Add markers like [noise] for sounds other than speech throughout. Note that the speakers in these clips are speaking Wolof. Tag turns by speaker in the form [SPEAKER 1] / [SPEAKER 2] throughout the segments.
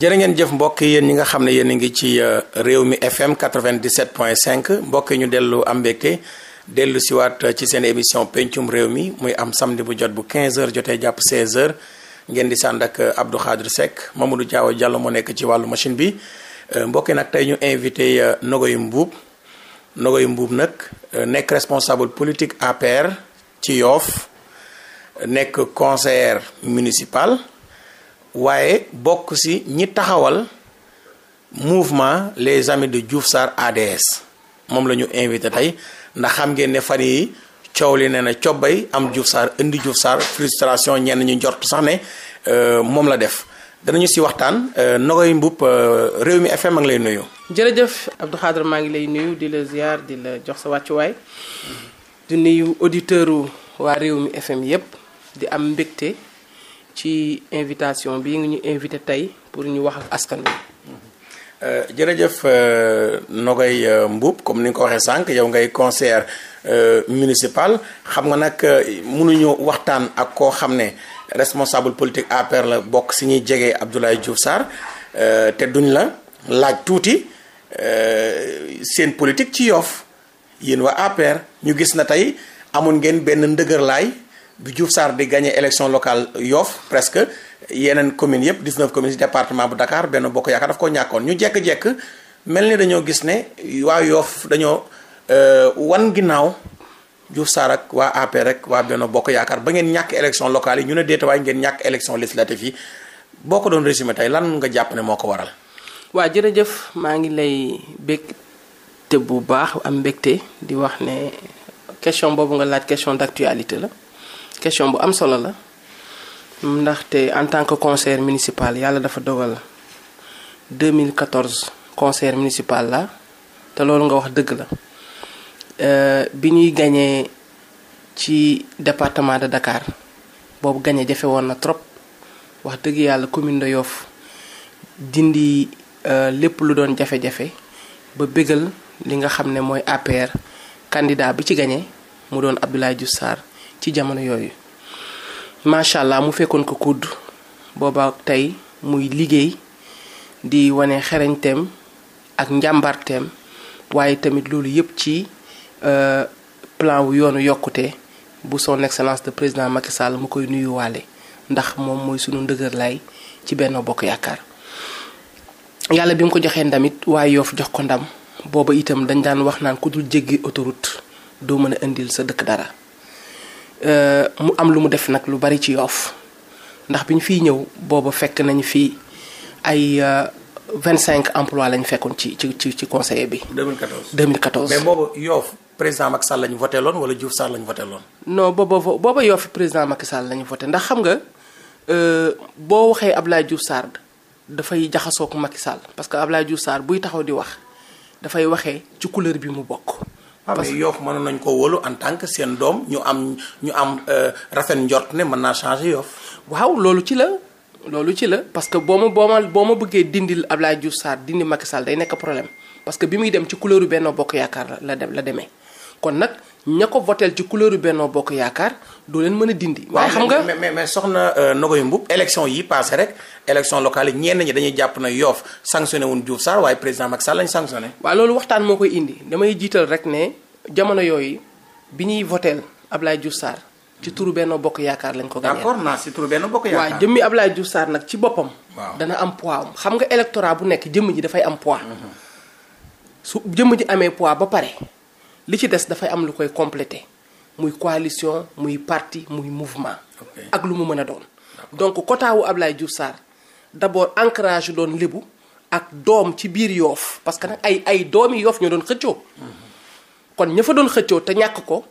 [SPEAKER 1] jërë ngeen jëf mbokk yéen ñi nga xam ne yéen a ngi ci euh, réew mi FM 97.5 mbokk ñu dellu am mbégte dellu siwaat euh, ci seen émission pencum réew mi muy am samedi bu jot bu 15h jotee jàpp 16h ngeen di sànd ak euh, Abdou Khadre Seck Mamadou Diaw Diallo moo nekk ci wàllu machine bi mbokk yi nag tey ñu invité Nogoy Mbuub Nogoy Mbuub nag nekk responsable politique APR ci yoof nekk conseiller municipal. waaye bokk ci ñi taxawal mouvement les amis de Diouf Sarr ADS moom la ñu invité tey ndax xam ngeen ne fan yi coow li nee na cobbay am Diouf Sarr indi Diouf Sarr frustration ñenn ñu njort sax ne euh, moom la def danañu ci waxtaan euh, Nogoy euh, réew mi FM a ngi lay nuyu. jërëjëf Abdou Khadre maa ngi lay nuyu di la ziar di la jox sa wàccuwaay di nuyu auditeurs waa mi FM yépp di am mbégte. ci invitation bi nga ñu invité tey pour ñu wax ak askan wi. Euh, jërëjëf euh, Nogay euh, Mboup comme ni nga ko waxee sànq yow ngay conseiller municipal xam nga nag mënuñu waxtaan ak koo xam ne responsable politique APR la bokk si ñuy jege Abdoulaye Diouf Sarr te duñ la laaj tuuti seen politique ci yoof yéen wa APR ñu gis na tey amoon ngeen benn ndëgërlaay. bi Diouf saar di gagné élection locale Yoff presque yeneen communes yëpp 19 communes yi département bu Dakar benn bokk yaakaar daf ko ñàkkoon ñu jekk-jekk mel ni dañoo gis ne waa yoof dañoo euh, wan ginnaaw Diouf Sarr ak waa APR rek waa benn bokk yaakaar ba ngeen ñàkk élection locale yi ñu ne déetawaay ngeen ñàkk élection législative yi boo ko doon résumé tey lan nga jàpp ne moo ko waral. waa jërëjëf maa ngi lay bégte bu baax am mbégte di wax ne question boobu nga laaj question d'actualité la. question bu am solo la ndaxte en tant que conseiller municipal yàlla dafa dogal 2014 conseiller municipal la te loolu nga wax dëgg la euh, bi ñuy gañee ci département de Dakar boobu gañe jafe woon na trop wax dëgg yàlla commune de Yoff dindi euh, lépp lu doon jafe-jafe ba bégal li nga xam ne mooy APR candidat bi ci gañee mu doon Abdoulaye Diouf ci jamono yooyu macha allah mu fekkoon ko kudd booba tey muy liggéey di wane xerañteem ak njàmbarteem waaye tamit loolu yépp ci euh, plan wu yoonu yokkute bu son excellence de président Macky Sall mu koy nuyuwaale ndax moom mooy sunu ndëgër lay ci Benno Bokk Yaakaar yàlla bi mu ko joxee ndamit waaye Yoff jox ko ndam booba itam dañ daan wax naan ku dul jéggi autoroute doo mën a indil sa dëkk dara Euh, mu am lu mu def nag lu bari ci yoof ndax bi ñu fiy ñëw booba fekk nañu fi ay euh, vingt cinq emploi lañu fekkoon ci ci ci ci conseiller bi. 2014 2014. mais booba yoof président Macky Sall lañu voté loon wala Diouf Sarr lañu voté loon. non booba booba yoof président Macky Sall lañu voté ndax xam nga euh, boo waxee ab Abdoulaye Diouf Sarr dafay jaxasoo ak Macky Sall parce que Abdoulaye Diouf Sarr buy taxaw di wax dafay waxee ci couleur bi mu bokk. Ah, mais Yoff mënoon nañ ko wóolu en tant que seen doom ñu am ñu am euh, rafet njort ne mën naa changer Yoff waaw loolu ci la loolu ci la parce que boo ma boo ma boo ma bëggee dindil Abdoulaye Diouf Sarr dindi Macky Sall day nekk problème parce que bi muy dem ci couleur u Benno Bokk Yaakaar la dem la demee kon nag ña ko voteel ci couleur yu Benno Bokk Yaakaar doo leen mën a dindi. waaye xam nga mais mais soxna euh, Nogoy Mboup élection yi passé rek élection locale yi ñenn ñi dañuy jàpp na Yoff sanctionné wuñ Diouf Sarr waaye président Macky Sall lañ sanctionné. waaw loolu waxtaan moo koy indi damay jiital rek ne jamono yooyu bi ñuy votel voteel Ablaye Diouf Sarr ci turu Benno Bokk Yaakaar lañ ko. gagné d'accord naa si turu Benno Bokk Yaakaar. jëmmi Ablaye Diouf Sarr nag ci boppam. waaw dana am poids xam nga électorat bu nekk jëmm ji dafay am poids. Mhm. su jëmm ji amee poids ba pare. li ci des dafay am lu koy complété muy coalition muy parti muy mouvement. ak lu mu mën a doon. donc quota wu Ablaye Diouf Sarr d'abord ancrage doon lébu ak doom ci biir yoof parce que nag ay ay doomi yoof ñoo doon xëccoo. kon ña fa doon xëccoo te ñàkk ko.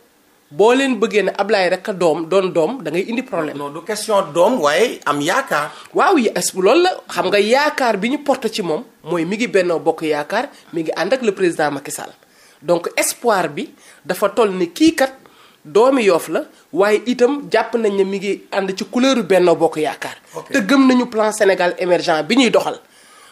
[SPEAKER 1] boo leen bëggee ne ablaay rek a doom doon doom da ngay indi problème. non du question doom waaye am yaakaar. waaw yi as loolu la xam nga yaakaar bi ñu porte ci moom mooy mi ngi Benno Bokk Yaakaar mi ngi ànd ak le président Macky Sall. donc espoir bi dafa toll ni kii kat doomi yoof la waaye itam jàpp nañ ne mi ngi ànd ci couleur benn bokk yaakaar. te gëm nañu plan Sénégal émergent bi ñuy doxal.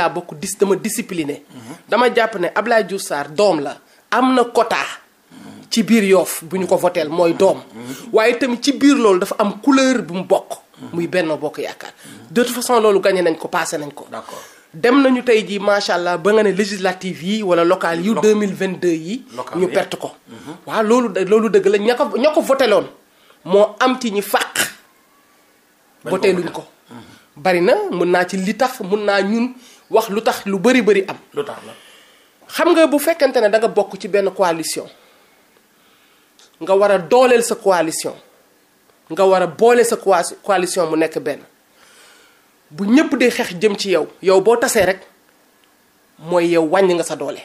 [SPEAKER 1] laa bokk dis dama discipliné. dama jàpp ne Ablaye Diouf Sarr doom la am na quota. ci biir yoof bu ñu ko voteel mooy doom. waaye tamit ci biir loolu dafa am couleur bu mu bokk. muy benn Bokk Yaakaar. de toute façon loolu gagné nañ ko passé nañ ko. d'accord dem nañu tey jii macha allah ba nga ne législative yi wala locale yu. deux mille vingt deux yi. ñu perte ko. Mhm. waaw loolu loolu dëgg la ña ko ña ko voteloon moo am ci ñi fàq. voteeluñ ko bari mun naa ci li mun naa ñun wax lu tax lu bari bëri am. lu tax la xam nga bu fekkente ne da nga bokk ci benn coalition nga war a dooleel sa coalition nga war a boole sa coalition mu nekk benn bu ñëpp di xeex jëm ci yow yow boo tasee rek mooy yow wàññi nga sa doole.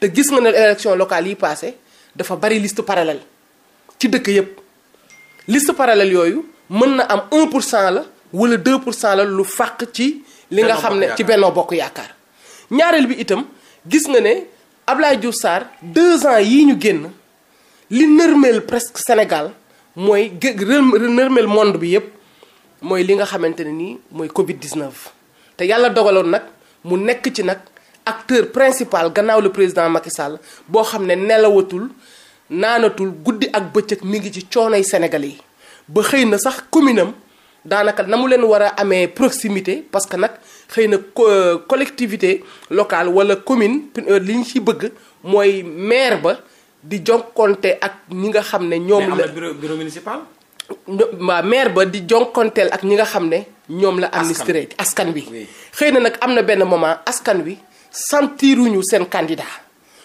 [SPEAKER 1] te gis nga ne élection locale yi passé dafa bari liste parallèle ci dëkk yëpp liste parallèle yooyu mën na am 1 pour cent la wala 2 pour cent la lu fàq ci. li nga xam ne ci Benno Bokk Yaakaar ñaareel bi itam gis nga ne Ablaye Diouf Sarr deux ans yii ñu génn li nërmeel presque Sénégal mooy gë nërmeel monde bi yépp mooy li nga xamante ne nii mooy Covid 19. te yàlla dogaloon nag mu nekk ci nag acteur principal gannaaw le président Macky boo xam ne nelawatul naanatul guddi ak bëccëg mi ngi ci coonay Sénégal yi ba xëy na sax commune am daanaka na mu leen war a amee proximité parce que nag xëy na euh, collectivité locale wala commune euh, li ñu ci bëgg mooy maire ba di jokkonte ak ñi nga xam ne ñoom la bureau ba di jonkonteel ak ñi nga xam ne ñoom la administré askan wi xëy na nag am na benn moment askan wi sentiruñu seen candidat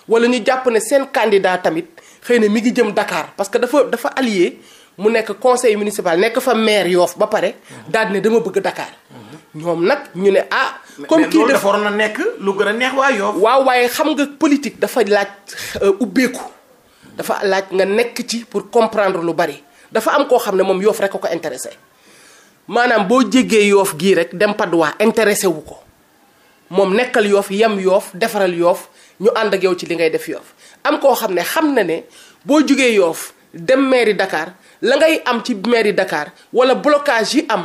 [SPEAKER 1] wala ñu jàpp ne seen candidat tamit xëy na mi ngi jëm dakaar parce que dafa dafa allié mu nekk conseil municipal nekk fa maire Yoff ba pare daal ne dama bëgg dakaar ñoom nag ñu ne ah. comme kii na nekk lu gën a neex waa Yoff. waaw waaye xam nga politique dafa laaj euh, ubbeeku dafa laaj nga nekk ci pour comprendre lu bari dafa am koo xam ne moom Yoff rekk a ko intéressé maanaam boo jéggee yoof gii rek dem Patte d'Oie intéressé wu ko moom nekkal Yoff yem Yoff defaral yoof ñu ànd ak yow ci li ngay def yoof am koo xam ne xam na ne boo jugee yoof dem mairie dakaar la ngay am ci mairie dakaar wala blocage yi am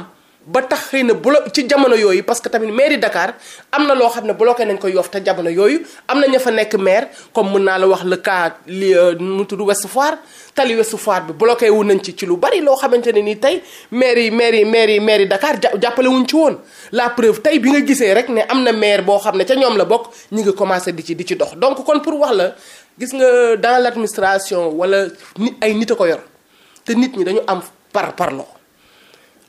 [SPEAKER 1] ba tax xëy na blo ci jamono yooyu parce que tamit mairie dakaar am na loo xam ne bloqué nañ ko Yoff te jamono yooyu am na fa nekk maire comme mën naa la wax le cas li euh, mu tudd Ouest Foire tali Ouest Foire bi bloqué wu nañ ci ci lu bari loo xamante ne nii tey maire yi maire yi maire yi maire yi Dakar jàppale ci woon la preuve tey bi nga gisee rek ne am na maire boo xam ne ca ñoom la bokk ñu ngi commencé di ci di ci dox donc kon pour wax la gis nga dans l'administration wala ni ay nit a ko yor te nit ñi dañu am par parloo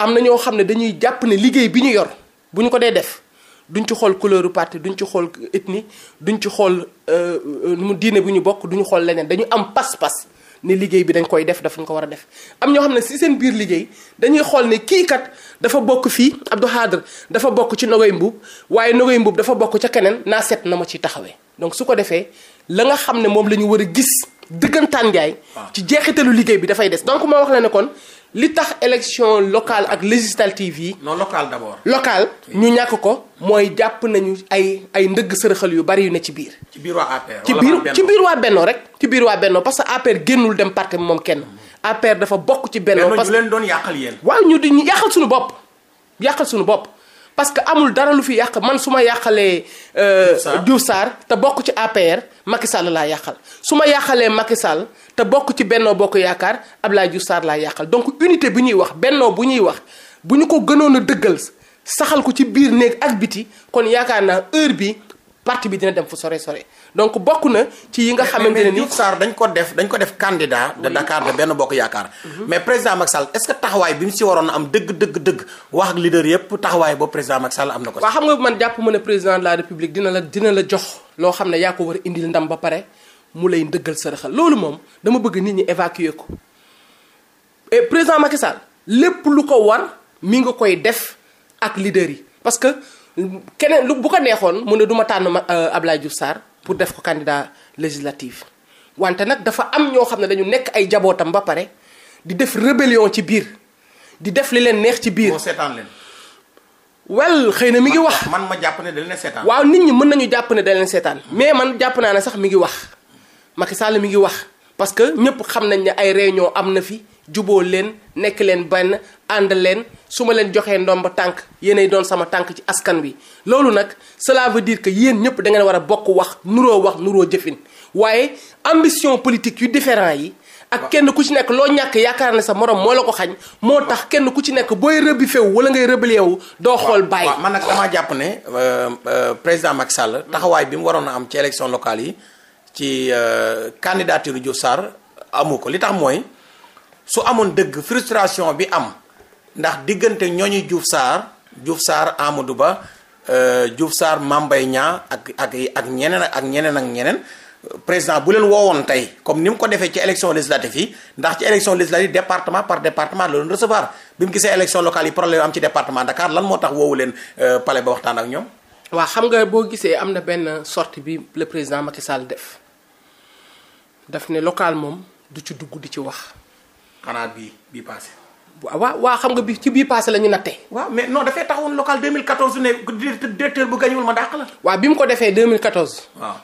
[SPEAKER 1] am na ñoo xam ne dañuy jàpp ne liggéey bi ñu yor bu ñu ko dee def duñ ci xool couleur parti duñ ci xool ethnie duñ ci xool euh, nu mu diine bu ñu bokk duñu xool leneen dañu am pas-pas ne liggéey bi dañ koy def dafa ñu ko war a def am ñoo xam ne si seen biir liggéey dañuy xool ne kii kat dafa bokk fii Abdou Khadre dafa bokk ci Nogoy mbub waaye Nogoy Mbuub dafa bokk ca keneen naa seet na ma ciy taxawee donc su ko defee la nga xam ne moom la ñu war a gis dëggantaan njaay ah. ci jeexitalu liggéey bi dafay des donc ma wax la ne kon li tax élection local ak législative yi. non locale d'abord. locale ñu ñàkk ko mooy jàpp nañu ay ay ndëgg sërëxal yu bari yu ne ci biir. ci biir waa APR ci biir ci biir rek. ci biir waa Benno parce que APR génnul dem parti moom kenn. Mm-hmm. APR dafa bokk ci Benno parce que Benno doon yàqal yéen. waaw ñu di ñu yàqal suñu bopp yàqal suñu bopp. parce que amul dara lu fi yàq man su ma yàqalee. Euh, Diouf Sarr te bokk ci APR Macky Sall laa yàqal su ma yàqalee Macky te bokk ci Bennoo Bokk Yaakaar laa Diouf Sarr laa yàqal donc unité bi ñuy wax bennoo bu ñuy wax bu ñu ko gënoon a dëggal saxal ko ci biir néeg ak biti kon yaakaar naa heure bi parti bi dina dem fu sore sore. donc bokk na ci yi nga xamante ne Diouf Sarr dañ ko def dañ ko def candidat de Dakar de benn bokk yaakaar mhm. mais président Macky Sall est-ce que taxawaay bi mu si waroon am dëgg dëgg dëgg wax ak leader yëpp taxawaay boobu président Macky Sall am na ko waaw xam nga man jàpp ma ne président de la République dina la jox loo xam ne yaa ko war a indil ndam ba pare mu lay ndëggal loolu moom dama bëgg nit ñi évacuer ko et président Macky Sall lépp lu ko war mi nga koy def ak leader yi parce que keneen lu bu ko neexoon mu ne du ma tànn euh, Abdoulaye Diouf Sarr pour def ko candidat législative wante nag dafa am ñoo xam ne dañu nekk ay jabootam ba pare di def rébellion ci biir di def li leen neex ci biir. moo seetaan leen. wel xëy na mi ngi wax man ma jàpp ne da leen seetaan. waaw nit ñi mën nañu jàpp ne da seetaan mais man jàpp naa ne sax mi ngi wax Macky Sall mi ngi wax parce que ñëpp xam nañ ne ay réunion am na fi juboo leen nekk leen benn ànd leen su ma leen joxee ndomba tànk yéenay doon sama tànk ci askan wi loolu nag cela veut dire que yéen ñëpp da ngeen war a bokk wax nuroo wax nuroo jëfin waaye ambition politique yu différent yi ak kenn ku ci nekk loo ñàkk yaakaar ne sa morom moo la ko xañ moo tax kenn ku ci nekk booy rëbbi feew wala ngay rëbale wu doo xool bàyyi man nag damaa jàpp ne euh, euh, président Macky Sall hmm. taxawaay bi mu waroon a am ci élection locale yi ci euh, candidature Diouf Sarr amu ko li tax mooy su amoon dëgg frustration bi am ndax diggante ñooñu Diouf Sarr Diouf saar Amadou Ba euh, Diouf Sarr Mame Mbaye Niang ak ak ak ñeneen ak ñeneen ak ñeneen président bu leen woowoon tey comme ni mu ko defee ci élection législative yi ndax ci élection législative département par département la doon recevoir bi mu gisee élection locale yi problème am ci département Dakar lan moo tax woowu leen euh, palais ba waxtaan ak ñoom. waa xam nga boo gisee am na benn sorti bi le président Macky Sall def ne local moom du ci dugg di ci wax. xanaa bii bii passé. waaw waaw xam nga bi ci biir passé la ñu nattee. waaw mais non dafay taxawoon local 2014 ne directeur bu gañuwul ma dàq la. waaw bi mu ko defee 2014. waaw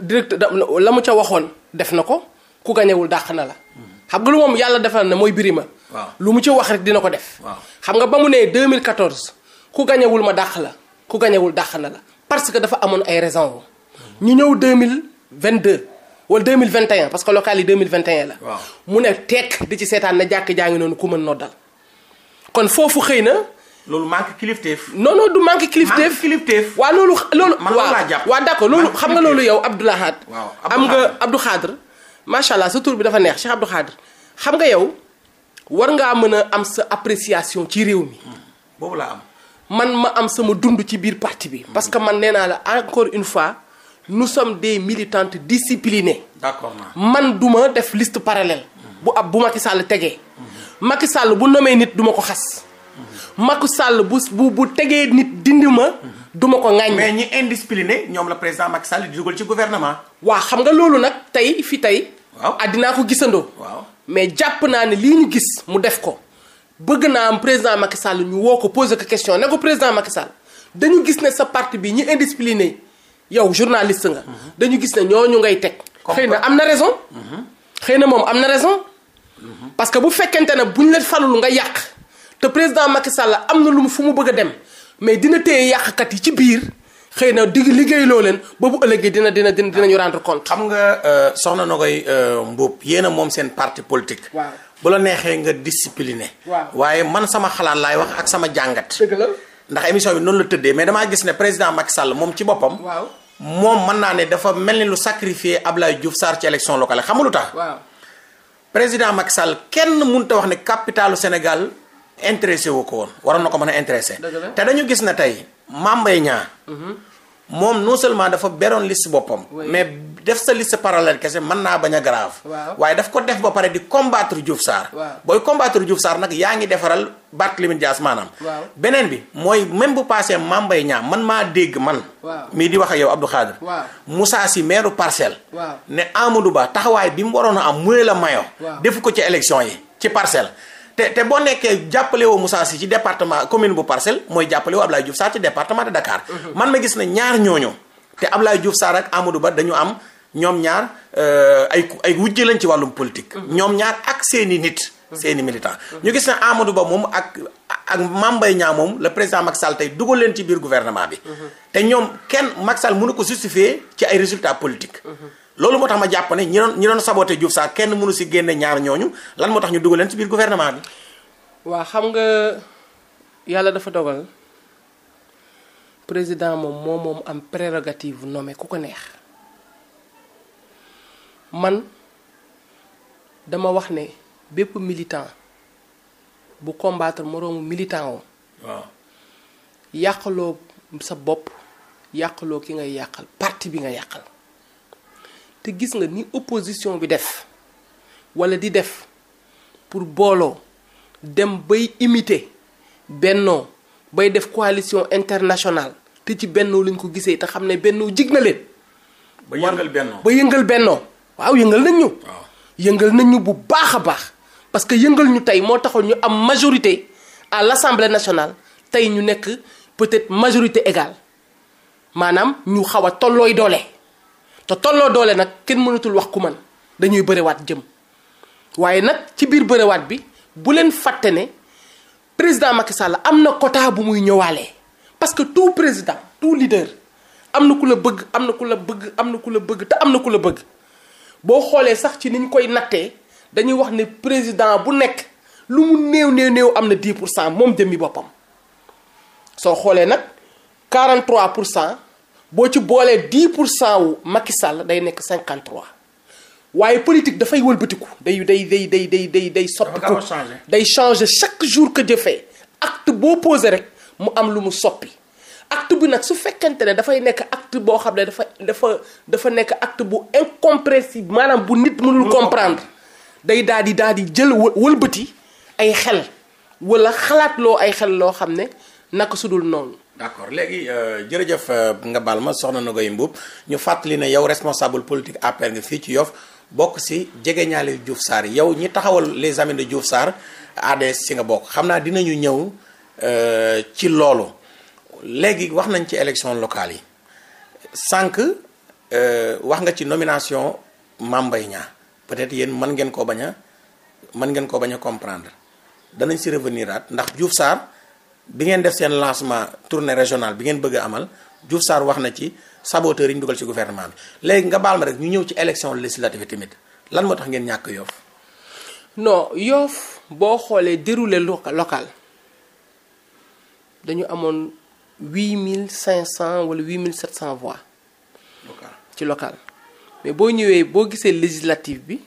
[SPEAKER 1] directeur la mu ca waxoon def na ko ku gañewul dàq na la. xam nga lu moom yàlla defal na mooy birima. waaw lu mu ci wax rek dina ko def. xam nga ba mu nee mille 2014 ku gañewul ma dàq la ku gañewul dàq na la parce que dafa amoon ay raisons ñu ñëw mille vingt 2022. wal wala 2021 parce que local yi 2021 la. waaw mu ne tek di ci seetaan na jàkk jaa ngi noonu ku mën noddal kon foofu xëy na. loolu manque kilifteef. non du manque kilifteef manque kilifteef. waaw loolu loolu. man laa jàpp waaw waaw loolu xam nga loolu yow Abdou Lahad. waaw am nga Abdou Khadre. macha allah sa tur bi dafa neex Cheikh Abdou xam nga yow war ngaa mën a am sa appréciation ci réew mi. Hmm, boobu am. man ma am sama dund ci biir parti bi. parce que man nee naa la encore une fois. nous sommes des militantes disciplinées. d'accord man du ma def liste parallèle. bu ab bu Macky Sall tegee. Macky Sall bu nomee nit duma ko xas. Macky Sall bu bu bu tegee nit dindi ma. duma ko ŋaññi. mais ñi indiscipliné ñoom la président Macky Sall di dugal ci gouvernement. waa xam nga loolu nag tey fi tey. àddinaa ko gisandoo. waaw mais jàpp naa ne lii ñu gis mu def ko. bëgg naa am président Macky Sall ñu woo ko posé ko question ne ko président Macky dañu gis ne sa parti bi ñi indiscipliné. yow journaliste nga. dañu gis ne ñooñu ngay teg. xëy na am na raison. xëy na moom am na raison. parce que bu fekkente ne buñ la falul nga yàq te président Macky Sall am na lu mu fu mu bëgg a dem mais dina téye yàqkat yi ci biir xëy na di liggéey leen ba bu dina dina dina dinañu rendre xam nga euh, soxna Nogaye euh, Mboup yéen a moom seen parti politique. waaw bu la neexee nga discipliné. waaw waaye man sama xalaat wax ak sama jàngat. dëgg ndax émission bi noonu la tëddee mais damaa gis ne président Macky Sall moom ci boppam. moom mën naa ne dafa mel ni lu sacrifié Ablaye Diouf saar ci élection locale xam nga lu tax. waaw président Macky Sall kenn mënut a wax ne capitalu Sénégal intéressé wu ko woon waroon na ko mën a intéressé. te dañu gis na tey Mame Mbaye Niang mhm. moom non seulement dafa beroon liste boppam. mais def sa liste parallèle kese mën naa bañ a grave. waaye daf ko def ba pare di combattre Diouf Sarr. booy combattre Diouf Sarr nag yaa ngi defaral Barthélémy Dias maanaam. beneen bi mooy même bu passé Mame Mbaye ñaam man maa dégg man. mii di wax ak yow Abdou Khadre. Moussa si maire parcelle. ne Amadou Ba taxawaay bi mu waroon a am mu la mayo. def ko ci élection yi ci parcelle. te te boo nekkee jàppale woo Moussa Sy ci département commune bu Parcelles mooy jàppale woo Abdoulaye Diouf Sarr ci département de Dakar. Mhm. man ma gis na ñaar ñooñu. te Abdoulaye Diouf Sarr ak Amadou Ba dañu am ñoom ñaar euh, ay wujje lañ ci wàllum politique. Mhm. ñoom ñaar ak seeni nit. Mhm. seeni militan ñu gis ne Amadou Ba moom ak ak Mame Mbaye Niang moom le président Macky Sall tey dugal leen ci biir gouvernement bi. te ñoom kenn Macky Sall mënu ko justifier ci ay résultats politiques. loolu moo tax ma jàpp ne ñi doon ñi doon saboté kenn mënu si génne ñaar ñooñu lan moo tax ñu dugal leen ci biir gouvernement bi. waaw xam nga yàlla dafa dogal président moom moo moom am prérogative nommé ku ko neex man dama wax ne bépp militant bu combattre moroomu militant woo. waaw yàqaloo sa bopp yàqaloo ki ngay yàqal parti bi nga yàqal. te gis nga ni opposition bi def wala di def pour booloo dem bay imiter bennoo bay def coalition internationale te ci bennoo lañ ko gisee te xam ne bennoo jig na leen. ba yëngal bennoo ba yëngal bennoo waaw yëngal nañ ñu. yëngal nañ ñu bu baax a baax parce que yëngal ñu tey moo taxoon ñu am majorité à l'Assemblée nationale tey ñu nekk peut-être majorité égale maanaam ñu xaw a tollooy doole. te tolloo doole nag kenn mënatul wax ku man dañuy bëriwaat jëm waaye nag ci biir bëriwaat bi bu leen fàtte ne président Macky Sall am na quota bu muy ñëwaalee parce que tout président tout leader am na ku la bëgg am na ku la bëgg am na ku la bëgg te am na ku la bëgg boo xoolee sax ci ni ñu koy nattee dañuy wax ne président bu nekk lu mu néew néew néew am na 10 pour cent moom jëmmi boppam soo xoolee nag 43 pour cent boo ci boolee 10 pour cent wu Macky Sall day nekk 53 waaye politique dafay wëlbatiku day day day day day day day soppiku day changer chaque jour que Dieu fait acte boo posé rek mu am lu mu soppi acte bi nag su fekkente ne dafay nekk acte boo xam ne dafa dafa dafa nekk acte bu incompréhensible maanaam bu nit mënul comprendre day daal di daal di jël wëlbati ay xel wala xalaat loo ay xel loo xam ne naka sudul noonu d' accord léegi euh, jërëjëf euh, nga baal ma soxna Nogaye Mboup ñu fàttali na yow responsable politique APR nga fii ci Yoff bokk si jege jegeñaale Diouf Sarr yow ñi taxawal les amis de Diouf saar ADS si nga bokk xam naa dinañu ñëw euh, ci loolu léegi wax nañ ci élection locale yi sànq wax nga ci nomination Mame Mbaye Niang peut-être yéen mën ngeen koo bañ a mën ngeen ko bañ a comprendre danañ si revenir aat ndax Diouf Sarr. bi ngeen def seen lancement tournée régionale bi ngeen bëgg amal Diouf saar wax na ci saboteurs yi ñu dugal ci gouvernement bi léegi nga baal ma rek ñu ñëw ci élection législative tamit lan moo tax ngeen ñàkk yoof non yoof boo xoolee déroulé local dañu amoon huit mille cinq cent wala huit mille sept cent voix ci local mais boo ñëwee boo gisee législative bi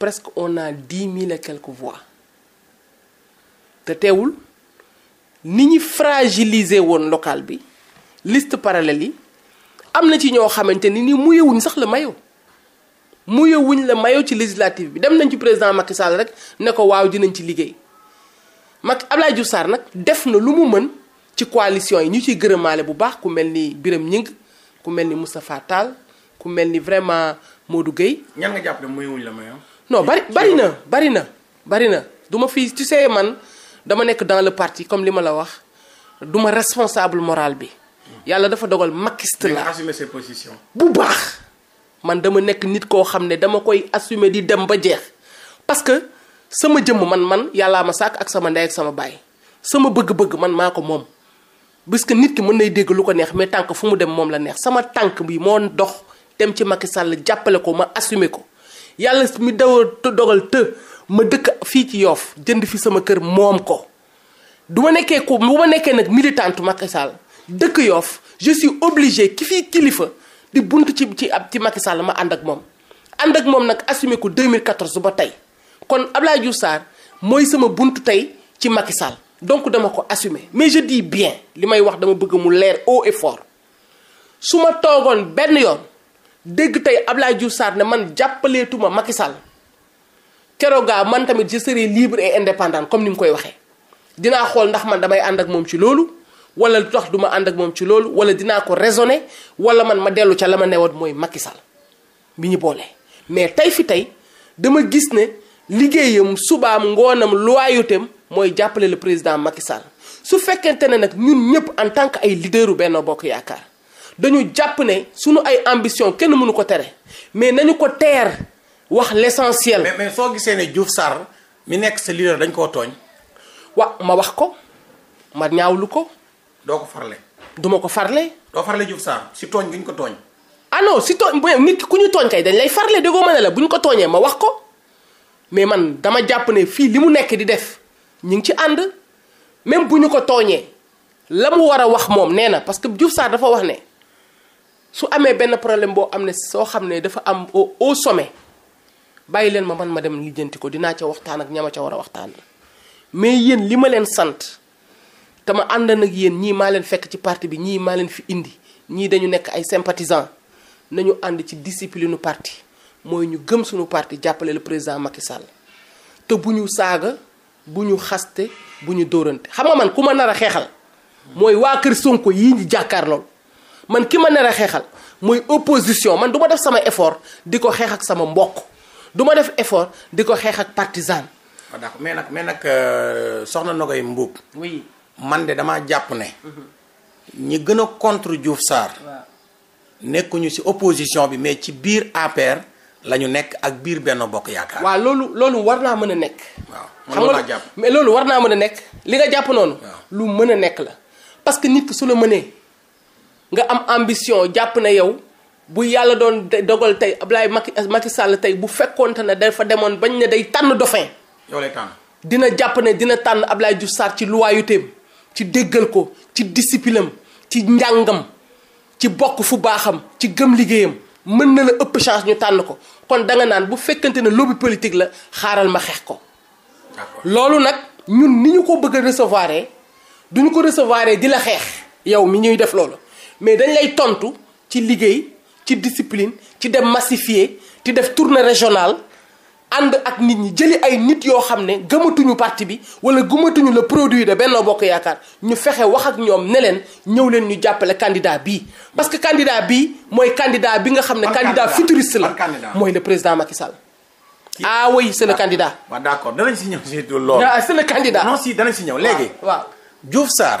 [SPEAKER 1] presque on a dix mille et quelques voix te teewul ni ñi fragiliser woon local bi list parallèle yi am na ci ñoo xamante ni ni muyewuñ sax la mayo muyewuñ la mayo ci législative bi dem nañ ci président Macky Sall rek ne ko waaw dinañ ci liggéey Macky Abdoulaye Diouf Sarr nag def na lu mu mën ci coalition yi ñu ciy gërëmaale bu baax ku mel ni biram Ñing ku mel ni Moustapha Tall ku mel ni vraiment moo Gueye. ñan nga jàpp ne muyewuñ la bari bari na bari na bari na du fii tu sais man. dama nekk dans le parti comme li ma la wax du ma responsable moral bi yàlla dafa dogal makiste la assumer ses positions bu baax man dama nekk nit koo xam ne dama koy assumer di dem ba jeex parce que sama jëmm man man yàllaa ma sàkk ak sama ndey ak sama baay sama bëgg-bëgg man maa ko moom parce que nit ki mën nay dégg lu ko neex mais tànk fu mu dem moom la neex sama tànk bi moo dox dem ci Macky Sall jàppale ko ma assume ko yàlla mi daw dogal të ma dëkk fii ci yoof jënd fi sama kër moom ko du ma nekkee ko bu ma nekkee nag militante Macky dëkk yoof je suis obligé ki fii kilifa di bunt ci ci ab ci Macky ma ànd ak moom ànd ak moom nag assumé ko 2014 ba tey kon Abdoulaye Diouf Sarr mooy sama bunt tey ci Macky donc dama ko assumer mais je di bien li may wax dama bëgg mu leer o et fort su ma toogoon benn yoon dégg tey Abdoulaye Diouf Sarr ne man jàppaleetuma Macky Thioro man tamit je serai libre et indépendante comme ni mu koy waxee dinaa xool ndax man damay ànd ak moom ci loolu wala lu tax du ma ànd ak moom ci loolu wala dina ko raisonner wala man ma dellu ca la ma newoon mooy Macky Sall bi ñu boolee mais tey fi tey dama gis ne liggéeyam subaam ngoonam loyautéem mooy jàppale le président Macky Sall su fekkente ne nag ñun ñëpp en tant que ay leaderu benn Bokk Yaakaar dañu jàpp ne sunu ay ambition kenn mënu ko tere mais nañu ko teer. wax l'essentiel. mais mais soo gisee ne Diouf Sarr mi nekk sa leader dañ koo tooñ. wa ma wax ko ma ñaawlu ko. doo ko farle. du ma ko farle. doo farle Diouf Sarr si tooñ gi ñu ko tooñ. ah non si tooñ nit ku ñu tooñ kay dañ lay farle déggoo ma ne la bu ñu ko tooñee ma wax ko mais man dama jàpp ne fii li mu nekk di def ñu ngi ci ànd même bu ñu ko tooñee la mu war a wax moom nee na parce que Diouf Sarr dafa wax ne su amee benn problème boo am ne soo xam ne dafa am au au bàyyi leen ma man ma dem lijjanti ko dinaa ca waxtaan ak ñama ca war a waxtaan mais yéen li ma leen sant te ma ànd nag yéen ñii maa leen fekk ci parti bi ñii maa leen fi indi ñii dañu nekk ay sympathisants nañu ànd ci discipline nu parti mooy ñu gëm suñu parti jàppale le président Macky Sall te bu ñu saaga bu ñu xaste bu ñu dóorante xam nga man ku ma nar a xeexal mooy waa kër Sonko yi ñu jàkkaar lool man ki ma nar a xeexal mooy opposition man du ma def sama effort di ko xeex ak sama mbokk duma def effort di ko xeex ak partisan. waaw ah, mais nag mais nag euh, soxna Nogaye Mbuub. oui man de damaa jàpp ne. ñi gën a contre Diouf saar nekkuñu ci opposition bi mais ci biir APR la ñu nekk ak biir benn bokk yaakaar. waa loolu loolu war naa mën a nekk.
[SPEAKER 2] waaw mën naa
[SPEAKER 1] jàpp mais loolu war naa mën a nekk li nga jàpp noonu. lu mën a nekk la parce que nit ki su la mënee nga am ambition jàpp na yow. bu yàlla doon dogal tey Ablaye Macky Macky Sall tey bu fekkoonte ne dafa demoon bañ ne day tànn dauphin. yow lay dina jàpp ne dina tànn Ablaye Diouf Sarr ci loyautéem ci déggal ko ci disciplinam ci njàngam ci bokk fu baaxam ci gëm liggéeyam mën na la ëpp chance ñu tànn ko kon da naan bu fekkante ne lobby politique la xaaral ma xeex ko. loolu nag ñun ni ñu ko bëgg a recevoir du ñu ko recevoir di la xeex. yow mi ñuy def loolu mais dañ lay tontu ci liggéey. ci discipline ci dem massifier ci def tournée régionale ànd ak nit ñi jëli ay nit yoo xam ne gëmatuñu parti bi wala gëmatuñu la produit de Benno Bokk Yaakaar ñu fexe wax ak ñoom ne leen ñëw leen ñu jàppale candidat bii parce que candidat bi mooy candidat bi nga xam ne candidat futuriste la mooy le président Macky Sall ah oui c'est le ah, candidat waaw d'accord danañ si ñëw si loolu ah, c'est le candidat si danañ si ñëw léegi waaw Diouf Sarr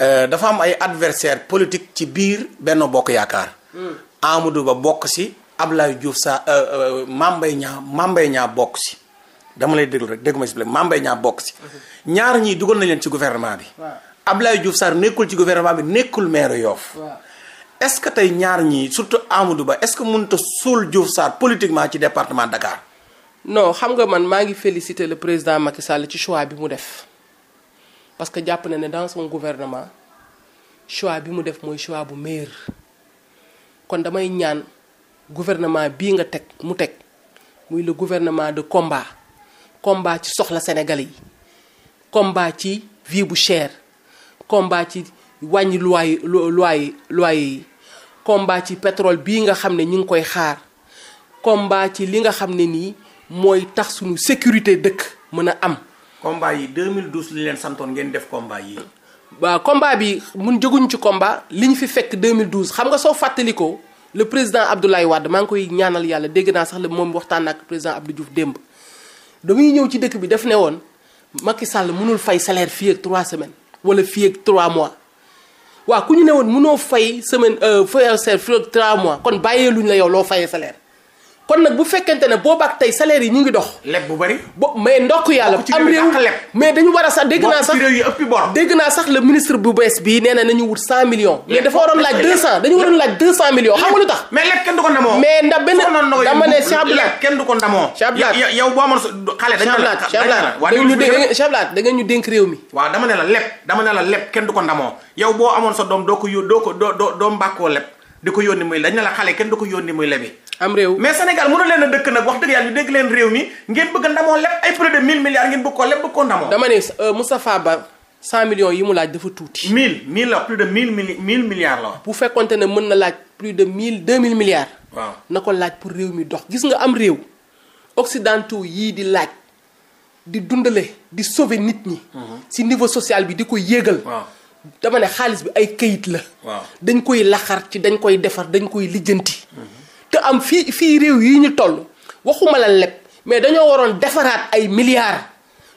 [SPEAKER 1] euh, dafa am ay adversaire politique ci biir Benno Bokk Yaakaar Amadou Ba bokk si Ablaye Diouf sa euh, euh, Mame Mbaye Niang Mame Mbaye bokk si dama lay déglu rek dégg ma expliqué Mame Mbaye Niang bokk si mhm. ñaar ñii dugal nañ leen ci gouvernement bi Ablaye Diouf Sarr nekkul ci gouvernement bi nekkul maire Yoff est-ce que tey ñaar ñii surtout Amadou Ba est-ce que mënut a suul Diouf Sarr politiquement ci département Dakar non xam nga man maa ngi féliciter le président Macky Sall ci choix bi mu def parce que jàpp na ne dans son gouvernement choix bi mu def mooy choix bu meilleur kon damay ñaan gouvernement bii nga teg mu teg muy le gouvernement de combat combat ci soxla Sénégalais yi combat ci vie bu cher combat ci wàññi loyer loyer loyer yi combat ci pétrole bii nga xam ne ñu ngi koy xaar combat ci li nga xam ne nii mooy tax suñu sécurité dëkk mën a am. combat yi 2012 li leen santoon ngeen def combat yi. waaw combat bi mun jóguñ ci combat li ñu fi fekk 2012 xam nga soo fàttalikoo le président Abdoulaye Wade maa ngi koy ñaanal yàlla dégg naa sax la moom waxtaan ak président Abdou Diouf démb damuy ñëw ci dëkk bi daf ne woon Macky Sall munul fay salaire fii ak 3 semaines wala fii ak trois mois waaw ku ñu ne woon mënoo fay semaine euh, fayal salaire fii ak 3 mois kon bàyyee luñ la yow loo fayee salaire kon nag bu fekkente ne boobaak tey salaire yi ñu ngi dox. leb bu bëri. bo mais ndokk yàlla. am réew mais dañu war a sax dégg naa sax dégg ministre bu bees bi nee na nañu wut cent millions. mais dafa waroon laaj deux cent dañu waroon laaj deux cent millions xam nga tax. mais leb kenn du ko ndamoo. mais ndax benn dama yow boo amoon xale la Cheikh Abdoulaye Cheikh Abdoulaye da nga ñu dénk réew mi. waaw dama ne la leb dama ne la leb kenn du ko ndamoo yow boo amoon sa doom doo ko yó doo ko doo doo mbàkkoo leb di ko am réew mais Sénégal mënu leen a dëkk nag wax dëgg yàlla ñu dégg leen réew mi ngeen bëgg a ndamoo lépp ay près de 1000 milliards ngeen bëgg koo lépp bëgg koo ndamoo. dama ne euh, Moustapha Ba 100 millions yi mu laaj dafa tuuti. 1000 1000 la plus de 1000 mili 1000 milliards la wax. bu fekkonte ne mën na laaj plus de 1000 2000 milliards. waaw na ko laaj pour réew mi dox gis nga am réew occidentaux yii di laaj di dundale di sauver nit ñi. Mhm. si niveau social bi di ko yéegal. dama ne xaalis bi ay kayit la. waaw dañ koy laxar ci dañ koy defar dañ koy lijjanti. Mhm. te am fii fii réew yi ñu toll waxuma la leb mais dañoo waroon defaraat ay milliards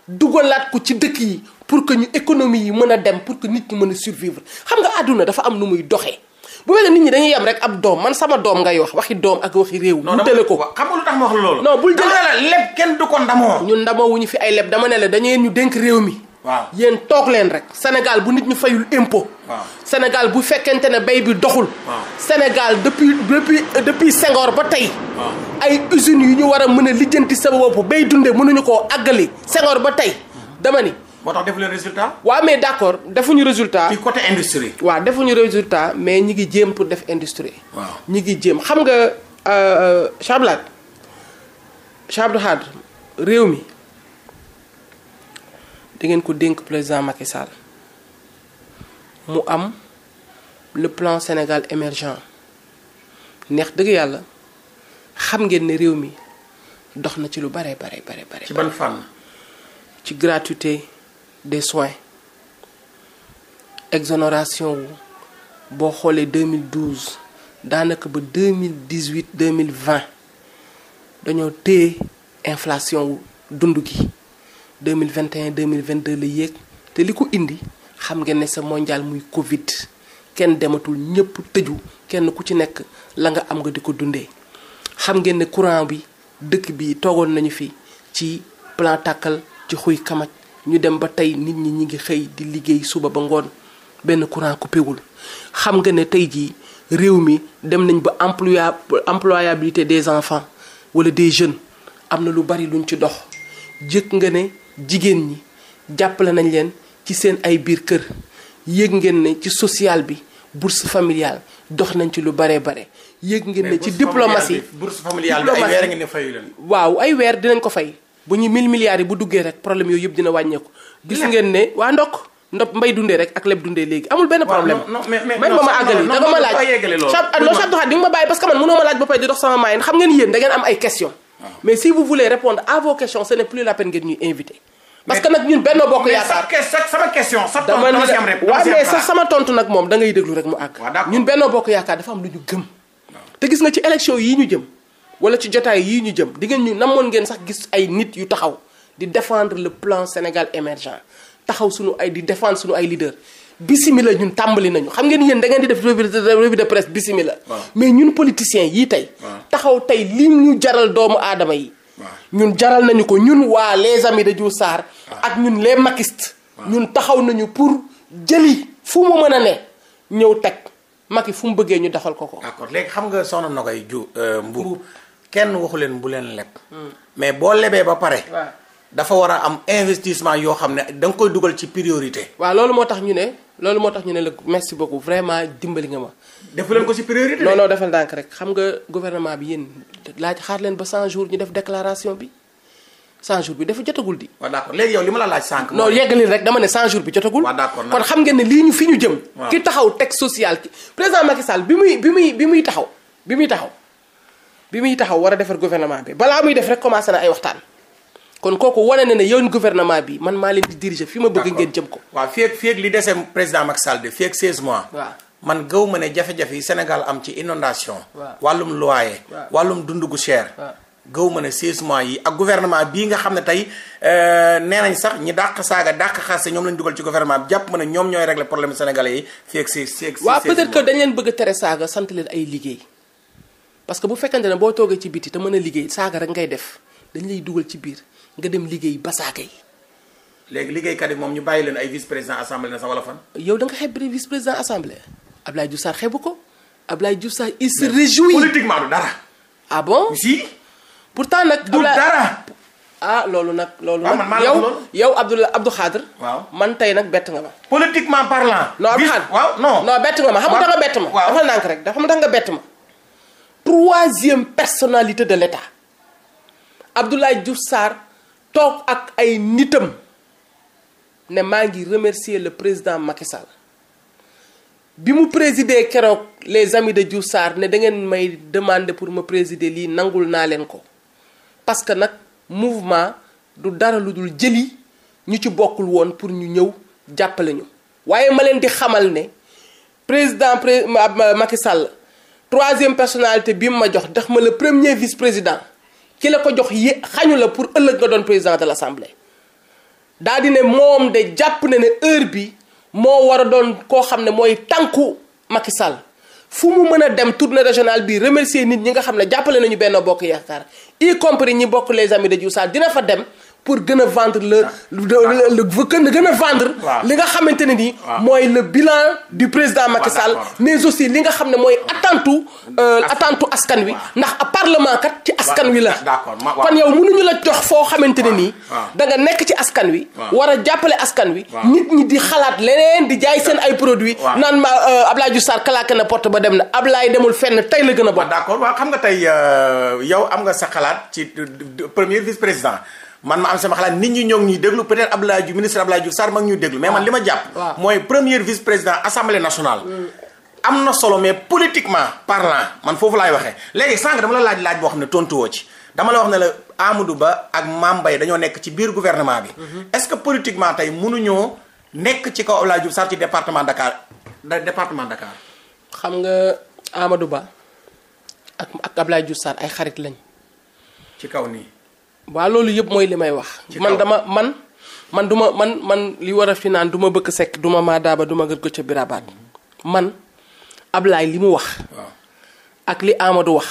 [SPEAKER 1] dugalaat ko ci dëkk yi pour que ñu économie yi mën a dem pour que nit ñi mën a survivre xam nga àdduna dafa am nu muy doxee bu fekkee nit ñi dañuy yem rek ab doom man sama doom ngay wax waxi doom ak waxi réew. bu tële ko xam nga lu tax ma wax loolu. non bul jëlee leb kenn du ko ndamoo. ñun ndamoo wuñu fi ay leb dama ne la dañu ñu dénk réew mi. waaw yéen toog leen rek. Sénégal bu nit ñu fayul impôt. Sénégal bu fekkente ne bay bi doxul. Sénégal depuis depuis depuis Senghor ba tey. ay usines yu ñu war a mën a lijjanti sa bopp bay dundee mënuñu koo àggali Senghor ba tey dama ni. moo tax defu leen résultat. waaw mais d' accord defuñu résultat. ci côté industrie. waaw defuñu résultat mais ñi ngi jéem pour def industrie. waaw ñi ngi jéem xam nga Chablat Chabdou Hadr réew mi. di ngeen ko dénk président Macky Sall mu am le plan Sénégal émergent neex dëgg yàlla xam ngeen ni réew mi dox na ci lu bare bare bare bare ci ban fànn ci gratuité des soins exonération wu boo xoolee 2012 daanaka ba 2018 2020 dañoo tée inflation wu dundu gi 2021 2022 la yéeg te li ko indi xam ngeen ne sa mondial muy Covid kenn dematul ñëpp tëju kenn ku ci nekk la nga am nga di ko dundee. xam ngeen ne courant bi dëkk bi toogoon nañu fi ci plan tàkkal ci xuy kamaj ñu dem ba tey nit ñi ñi ngi xëy di liggéey suba ba ngoon benn courant coupé xam nga ne tey jii réew mi dem nañ ba employa employabilité des enfants wala des jeunes am na lu bari luñ ci dox jëkk nga ne. jigéen ñi jàppale nañ leen ci seen ay biir kër yëg ngeen ne ci social bi bourse familiale dox nañ ci lu bare bare yëg ngeen ne ci diplomatie bourse familiale bi ay weer ngeen ne waaw ay weer dinañ ko fay bu ñu 1000 milliards yi bu duggee rek problème yooyu yëpp dina wàññeeku. gis ngeen ne waa ndokk ndop mbay dundee rek ak leb dundee léegi amul benn problème may ma ma àggali da ma laaj sa non sa doxaat di nga ma bàyyi parce man mënoo ma laaj ba am ay question Ah. mais si vous voulez répondre à vos questions ce n'est plus la peine ngeen ñuy invité. parce que nag ñun Benno Bokk Yaakaar mais sa mais sax sama tontu nag moom dangay ngay déglu rek mu àgg. ñun Benno Bokk Yaakaar dafa am lu ñu gëm. te gis nga ci élection yii ñu jëm wala ci jotaay yii ñu jëm di ngeen ñu namoon ngeen sax gis ay nit yu taxaw di defendre le plan Sénégal émergent taxaw suñu ay di défendre suñu ay leaders bisimila ñun tàmbali nañu xam ngeen yéen da ngeen di def revue de presse bisimila mais ñun politiciens yii tey taxaw tey li ñu jaral doomu aadama yi ñun jaral nañu ko ñun waa les amis de Diouf ak ñun les makistes ñun taxaw nañu pour jëli fu mu mën a ne ñëw teg Macky fu mu bëggee ñu doxal ko ko d'accord léegi xam nga soxna na koy ju mburu kenn waxu leen bu leen leb hmm. mais boo lebee ba pare dafa war a am investissement yoo xam ne da nga koy dugal ci priorité. waa loolu moo tax ñu ne loolu moo tax ñu ne la merci beaucoup vraiment dimbali nga ma. defu leen ko ci priorité. non non defal dànk rek xam nga gouvernement bi yéen laaj xaar leen ba 100 jours ñu def déclaration bi 100 jours bi dafa jotagul di. waaw d'accord léegi yow li ma la laaj sànq. non yeggali rek dama ne 100 jours bi jotagul. waaw d'accord kon xam ngeen ne lii ñu fi ñu jëm. ki taxaw teg social ki président Macky Sall bi muy bi muy bi muy taxaw bi muy taxaw bi muy taxaw war a defar gouvernement bi balaa muy def commencé na ay waxtaan. kon kooku wane na ne yow gouvernement bi man maa leen di diriger fi ma bëgg ngeen jëm ko. waaw fii ak fii ak li dese président Macky Sall de fii ak 16 mois. waaw man gaw ma ne jafe Sénégal am ci inondation wàllum loyer. wàllum dund gu cher. gaw ma ne 16 yi ak gouvernement bii nga xam ne tey euh, nee nañ sax ñi dàq saaga dàq xaase ñoom lañ dugal ci gouvernement bi jàpp ma ne ñoom ñooy régler problème sénégalais yi fii ak dañ leen bëgg tere saaga sant leen ay liggéey parce que bu fekkante ne boo toogee ci biti te mën a liggéey saaga rek ngay def dañ lay dugal ci biir nga dem liggéey basaaka yi. léegi liggéeykat yi moom ñu bàyyi leen ay vice président assemblée na sax wala fan. yow da nga xeeb vice président assemblée Abdoulaye Diouf Sarr xeebu ko Abdoulaye Diouf Sarr il se réjouit. politiquement du dara. ah bon si. nag. du dara ah loolu nag. loolu ah, nag yow yow Abdoulaye Abdou Khadre. waaw man tey nag bett nga ma. politiquement parlant. non Abdou Khadre waaw non. non bett bett ma. waaw dafa nànk rek dafa nga bett ma. troisième personnalité de l' état Abdoulaye Diouf Sarr. toog ak ay nitam ne maa ngi remercier le président Macky bi mu présider keroog les amis de Diouf Sarr ne da ngeen may demander pour ma présider lii nangul naa leen ko parce que nag mouvement du dara lu dul jëli ñu ci bokkul woon pour ñu ñëw jàppale ñu. waaye ma leen di xamal ne président pré Macky Sall troisième personnalité bi mu ma jox def ma le premier vice président. ki la ko jox yé xañu la pour ëllëg nga doon président de l'assemblée daa di ne moom de jàpp na ne heure bi moo war a doon koo xam ne mooy tànku Macky Sall fu mu mën a dem tournée régionale bi remercier nit ñi nga xam ne jàppale nañu benn bokk yaakaar y compris ñi bokk les amis de Diouf Sarr dina fa dem pour gën a vendre le le gën a vendre li nga xamante ne nii mooy le bilan du président Macky Sall mais aussi li nga xam ne mooy attentu euh, attentu askan wi ndax a parlement kat ci askan wi la kon yow mënuñu la jox foo xamante ne nii da nga nekk ci askan wi war a jàppale askan wi nit ñi di xalaat leneen di jaay seen ay produits naan ma euh, Abdoulaye Diouf Sarr kalaake na porte ba dem na ab laay demul fenn tey la gën a bon d'accord xam nga tey euh, yow am nga sa xalaat ci premier vice président man ma am sama xalaat nit ñi ñoo ngi ñuy déglu peut-être Abdoulaye Diouf ministre Abdoulaye Diouf Sarr ma ngi ñuy déglu mais man ah. li ma jàpp ah. mooy premier vice-président assemblée nationale hmm. am na solo mais politiquement parlant man foofu laay waxee léegi sànq dama laaj laaj boo xam ne tontuwoo ci dama wax ne la Amadou Ba ak Mame dañoo nekk ci biir gouvernement bi. Hmm. est-ce que politiquement tey mënuñoo nekk ci kaw Abdoulaye Diouf Sarr ci département Dakar département Dakar. xam nga Amadou Ba ak ak Abdoulaye Diouf ay xarit lañ. ci kaw nii. waaw loolu yëpp mooy li may wax. man dama man man du ma man man li war a fi naan du ma bëgg sekk du ma maadaaba du ma gën ko ca birabaat man ab Ablaye li mu wax. ak li Amadou wax.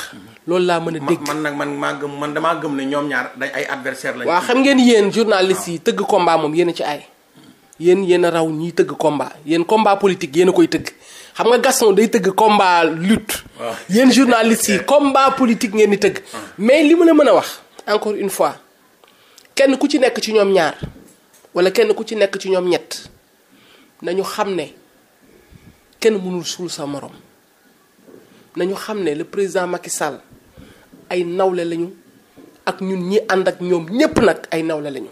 [SPEAKER 1] loolu laa mën a dégg man nag man maa gëm man damaa gëm ne ñoom ñaar dañ ay adversaire lañ. waaw xam ngeen yéen journaliste yi tëgg combat moom yéen a ci ay. yéen yéen a raw ñiy tëgg combat yéen combat politique yéen a koy tëgg xam nga Gaston day tëgg combat lut yéen journaliste yi [laughs] combat politique ngeen di tëgg. mais li mu a mën a wax. encore une fois kenn ku ci nekk ci ñoom ñaar wala kenn ku ci nekk ci ñoom ñett nañu xam ne kenn mënul suul sa morom nañu xam ne le président Macky Sall ay nawle lañu ak ñun ñi ànd ak ñoom ñépp nag ay nawle lañu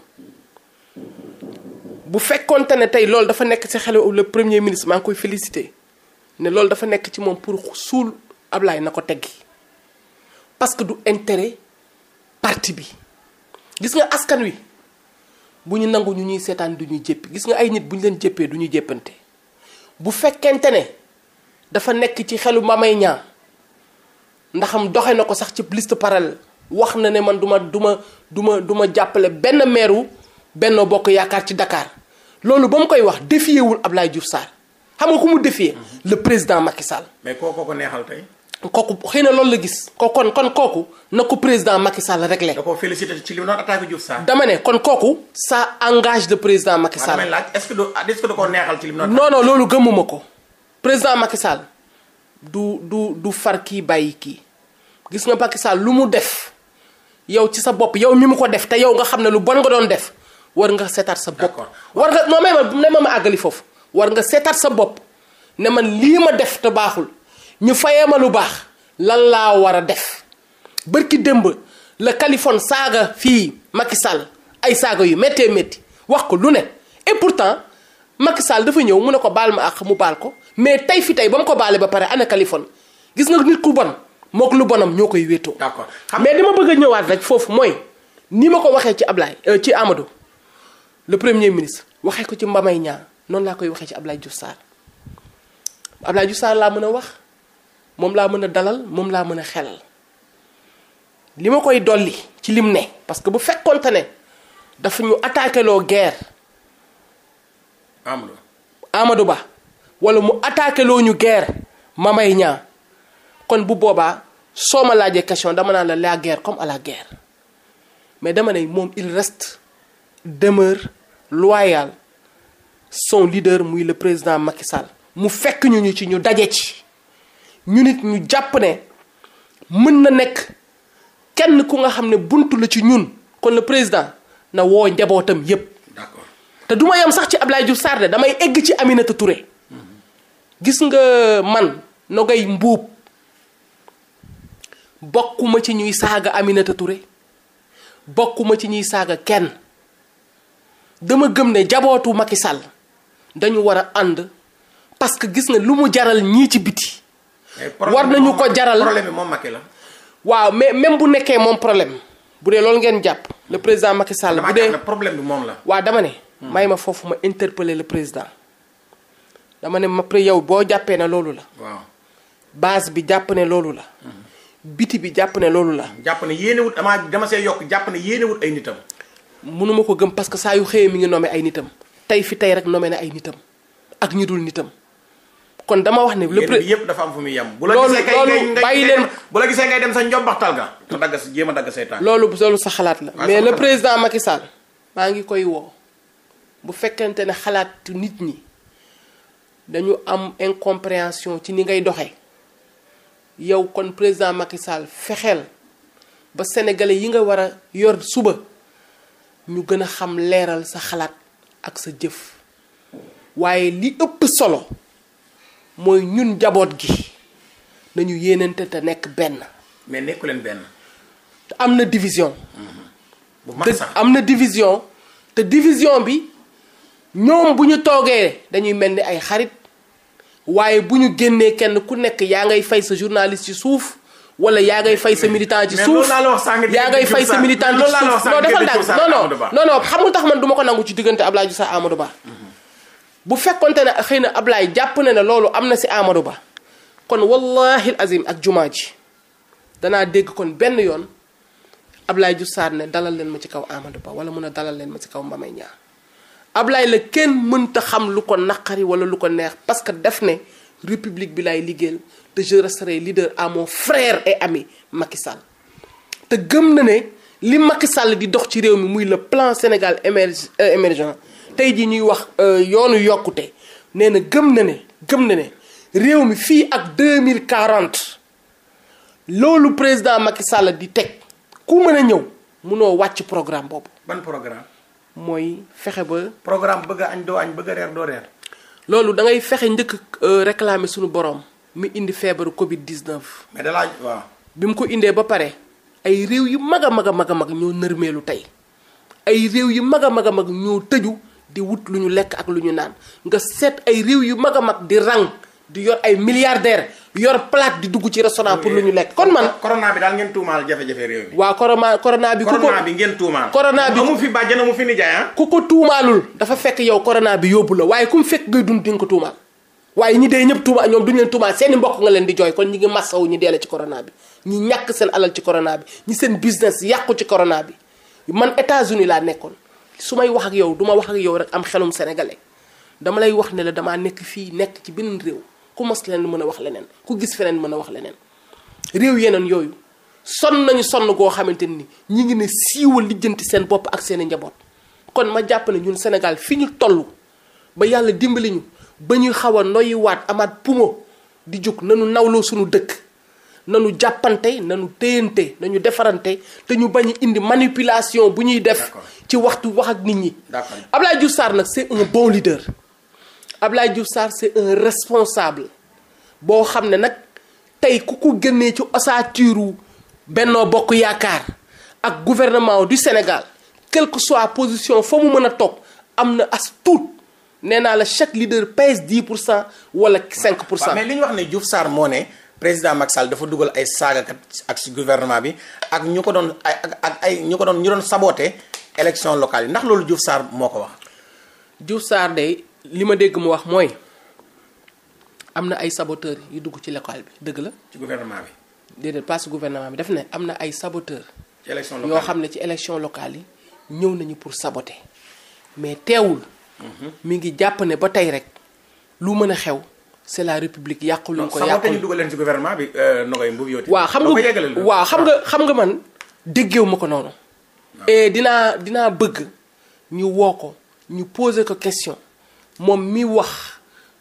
[SPEAKER 1] bu fekkonte ne tey loolu dafa nekk ci xelu le premier ministre maa koy félicité ne loolu dafa nekk ci moom pour suul Ablaye na ko teggi parce que du intérêt parti bi gis nga askan wi bu ñu nangu ñu ñuy seetaan duñu ñuy jéppi gis nga ay nit bu ñu leen jéppee du ñu jéppante bu fekkente ne dafa nekk ci xelu mamay ñaa ndaxam doxe na ko sax ci liste parallèle wax na ne man duma ma du ma du ma du jàppale benn meeru Benno Bokk Yaakaar ci dakaar loolu ba mu koy wax défiewul Ablaye Diouf Sarr xam nga ko mu défier mm-hmm. le président Macky Sall. mais kooku ko neexal tey. kooku xëy na loolu la gis ko kon kon kooku na ko président Macky Sall réglé. da koo félicité ci li mu doon attaqué Diouf dama ne kon kooku ça engage le président Macky Sall. waaw laaj ce que du est-ce que da koo neexal ci li loolu gëmuma ko président Macky Sall du du du far kii bàyyi kii gis nga Macky Sall lu mu def yow ci sa bopp yow mi mu ko def te yow nga xam ne lu bon nga doon def war nga seetaat sa bopp. war nga non mais ne ma ma àggali foofu war nga seetaat sa bopp ne man lii ma def te baaxul. ñu fayee ma lu baax lan laa war a def bërki démb la Kaliphone saaga fii Macky Sall ay saaga yu méttee métti wax ko lu ne important pourtant Macky dafa ñëw mu ne ko baal ma ak mu baal ko mais tey fi tey ba mu ko baalee ba pare ana Kaliphone gis nga nit ku bon mook lu bonam ñoo koy wéetoo. d'accord mais dama bëgg a ñëwaat rek foofu mooy ni ma ko waxee ci Ablaye euh, ci amado le premier ministre waxee ko ci Mbaye ñaar noonu laa koy waxee ci Ablaye Diouf Sarr Ablaye Diouf laa mën a wax. moom laa mën a dalal moom laa mën a xelal li ma koy dolli ci lim ne parce que bu fekkonte ne dafa ñu attaqué loo guerre. Amadou Amadou Ba wala mu attakeloo ñu guerre ma may ñaa kon bu boobaa soo ma laajee question dama naan la la guerre comme à la guerre mais dama ne moom il rest demeure loyal son leader muy le président Macky Sall mu fekk ñu ñu ci ñu daje ci. ñu nit ñu jàpp ne mën na nekk kenn ku nga xam ne bunt la ci ñun kon le président na woo njabootam yépp te duma ma sax ci Abdoulaye Diouf Sarr de damay egg ci Aminata Touré gis nga man Nogay Mbuub bokkuma ci ñuy saaga Aminata bokkuma ci ñuy saaga kenn dama gëm ne jabootu Macky Sall dañu war a ànd parce que gis nga lu mu jaral ñii ci biti Eh, war nañu ko jaral problème moom Macky la. waaw mais même bu nekkee moom problème bu dee loolu ngeen jàpp le président Macky Sall. bu dee problème bi moom la. waaw dama ne. may ma foofu ma interpeller le président dama ne ma après yow boo jàppee ne loolu la. waaw base bi jàpp ne loolu la. biti bi jàpp ne loolu la. jàpp ne yéene wut amaa dama see yokk jàpp ne yéene wut ay nitam. mënuma ko gëm parce que saa yu xëyee mi ngi nommé ay nitam. tey fi tey rek nommé ne ay nitam ak ñu dul nitam. kon dama wax ne. yëpp dafa am fu muy yem. la gisee kay ngay bàyyi leen bu la gisee ngay dem sa njombaxtal ga. te dagg si jéem a loolu loolu sa xalaat la. mais le président Macky Sall maa ngi koy woo bu fekkente ne xalaat nit ñi dañu am incompréhension ci ni ngay doxee yow kon président Macky Sall fexeel ba sénégale yi nga war a yor suba ñu gën a xam leeral sa xalaat ak sa jëf waaye li ëpp solo. mooy ñun jaboot gi nañu yéenante te nekk benn. mais nekku leen benn. am na division. Mm-hmm. bu am na division te division bi ñoom bu ñu toogee dañuy mel ni ay xarit waaye bu ñu génnee kenn ku nekk yaa ngay fay sa journaliste ci suuf. wala yaa ngay fay sa militant ci suuf yaa ngay fay sa militant ci suuf non defal ndànk non non non tax man du ma ko nangu ci diggante Abdoulaye Diouf Amadou Ba. Mm-hmm. bu fekkonte ne xëy na Ablaye jàpp na ne loolu am na si Amadou Ba kon wallahi azim ak jumaa ji danaa dégg kon benn yoon Ablaye Diouf Sarr ne dalal leen ma ci kaw Amadou Ba wala mën a dalal leen ma ci kaw Mame Mbaye Niang la kenn mënta xam lu ko naqari wala lu ko neex parce que def ne république bi lay liggéeyal te je resterai leader à mon et ami Macky Sall te gëm na ne li Macky Sall di dox ci réew mi muy le plan Sénégal euh, émergent tey jii ñuy wax euh, yoonu yokkute nee na gëm na ne gëm na ne réew mi fii ak deux mille quarante loolu président Macky Sall di teg ku mën a ñëw munoo wàcc programme boobu. ban programme. mooy fexe ba. programme bëgg a añ doo añ bëgg a reer doo reer. loolu da ngay fexe njëkk euh, réclamer sunu borom mu indi feebaru Covid 19. mais da bi mu ko indee ba pare ay réew yu mag a mag a mag a mag ñoo nërmeelu tey ay réew yu mag a mag a mag ñoo tëju. di wut lu ñu lekk ak lu ñu naan nga seet ay réew yu mag a mag di ran di yor ay milliardaire yor plate di dugg ci restaurant pour lu ñu lekk kon man. corona bi ngeen tuumaal jafe-jafe waaw corona corona bi. ku ko corona bi ngeen tuumaal. corona bi amu fi ah? tuumaalul dafa fekk yow corona bi yóbbu la waaye ku mu fekk ngay dund di nga ko tuumaal waaye ñi dee ñëpp tuumaal ñoom du leen tuumaal seeni mbokk nga leen di jooy kon ñi ngi massaw ñi deele ci corona bi ñi ñàkk seen alal ci corona bi ñi seen business yàqu ci corona bi man États-Unis laa nekkoon su may wax ak yow duma wax ak yow rek am xelum sénégalais dama lay wax ne la damaa nekk fii nekk ci beneen réew ku mos leneen mën a wax leneen ku gis feneen mën a wax leneen réew yeneen yooyu sonn nañu sonn goo xamante ni ñu ngi ne siiwal lijjanti seen bopp ak seen njaboot kon ma jàpp na ñun Sénégal fi ñu toll ba yàlla dimbali ñu ba ñuy xaw a noyyiwaat amaat pumo di jóg nanu nawloo suñu dëkk nanu jàppante nanu téyante nañu defarante te ñu bañ indi manipulation bu ñuy def ci waxtu wax ak nit ñi Abdoulaye Diouf Sarr nag c'est un bon leader Abdoulaye Diouf Sarr c'est un responsable boo xam ne nag tey ku ko génnee ci ossature Benno Bokk Yaakaar ak gouvernement du Sénégal quelle soit position fa mu mën a toog am na as tuut nee naa la chaque leader pèse 10 pour cent wala 5 pour cent. mais li ñu wax ne Diouf saar moo ne président Macky Sall dafa dugal ay saagakat ak si gouvernement bi ak ñu ko doon ay ak ay ñu ko doon ñu doon saboté élection locale yi ndax loolu Diouf saar moo ko wax. Diouf Sarr de li ma dégg mu wax mooy am na ay saboteurs yu dugg ci locale bi dëgg la. ci gouvernement bi. déedéet pas gouvernement bi daf ne am na ay saboteurs. ci élection locale yoo xam ne ci élection locale yi ñëw nañu pour saboter mais teewul. Mhm. mi ngi jàpp ne ba tey rek lu mën a xew. c'est la république yàqu lu ko yàqu. dugal leen ci gouvernement bi euh, Nogay Mbuub yow. waaw xam nga waaw xam nga xam nga man déggeewu ma ko noonu. et dinaa dinaa bëgg ñu woo ko ñu poser ko question moom mi wax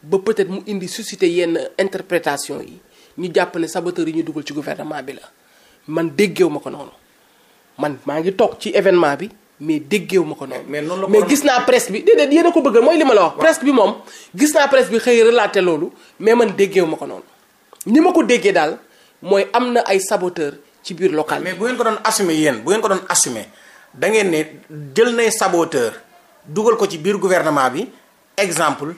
[SPEAKER 1] ba peut-être mu indi suscité yenn interprétation yi ñu jàpp ne saboteur yi ñu dugal ci gouvernement bi la man déggeewu ma ko noonu man maa ngi toog ci événement bi. mais déggeewu ma ko noonu. mais noonu la mais gis naa presse bi déedéet yéen ko bëgg mooy li ma la wax. presse bi moom gis naa presse bi xëy relaté loolu mais man déggeewu ma ko noonu. ni ma ko déggee daal mooy am na ay saboteur ci biir local mais bu ngeen ko doon assumer yéen bu ngeen ko doon assumer da ngeen ne jël nay saboteur dugal ko ci biir gouvernement bi exemple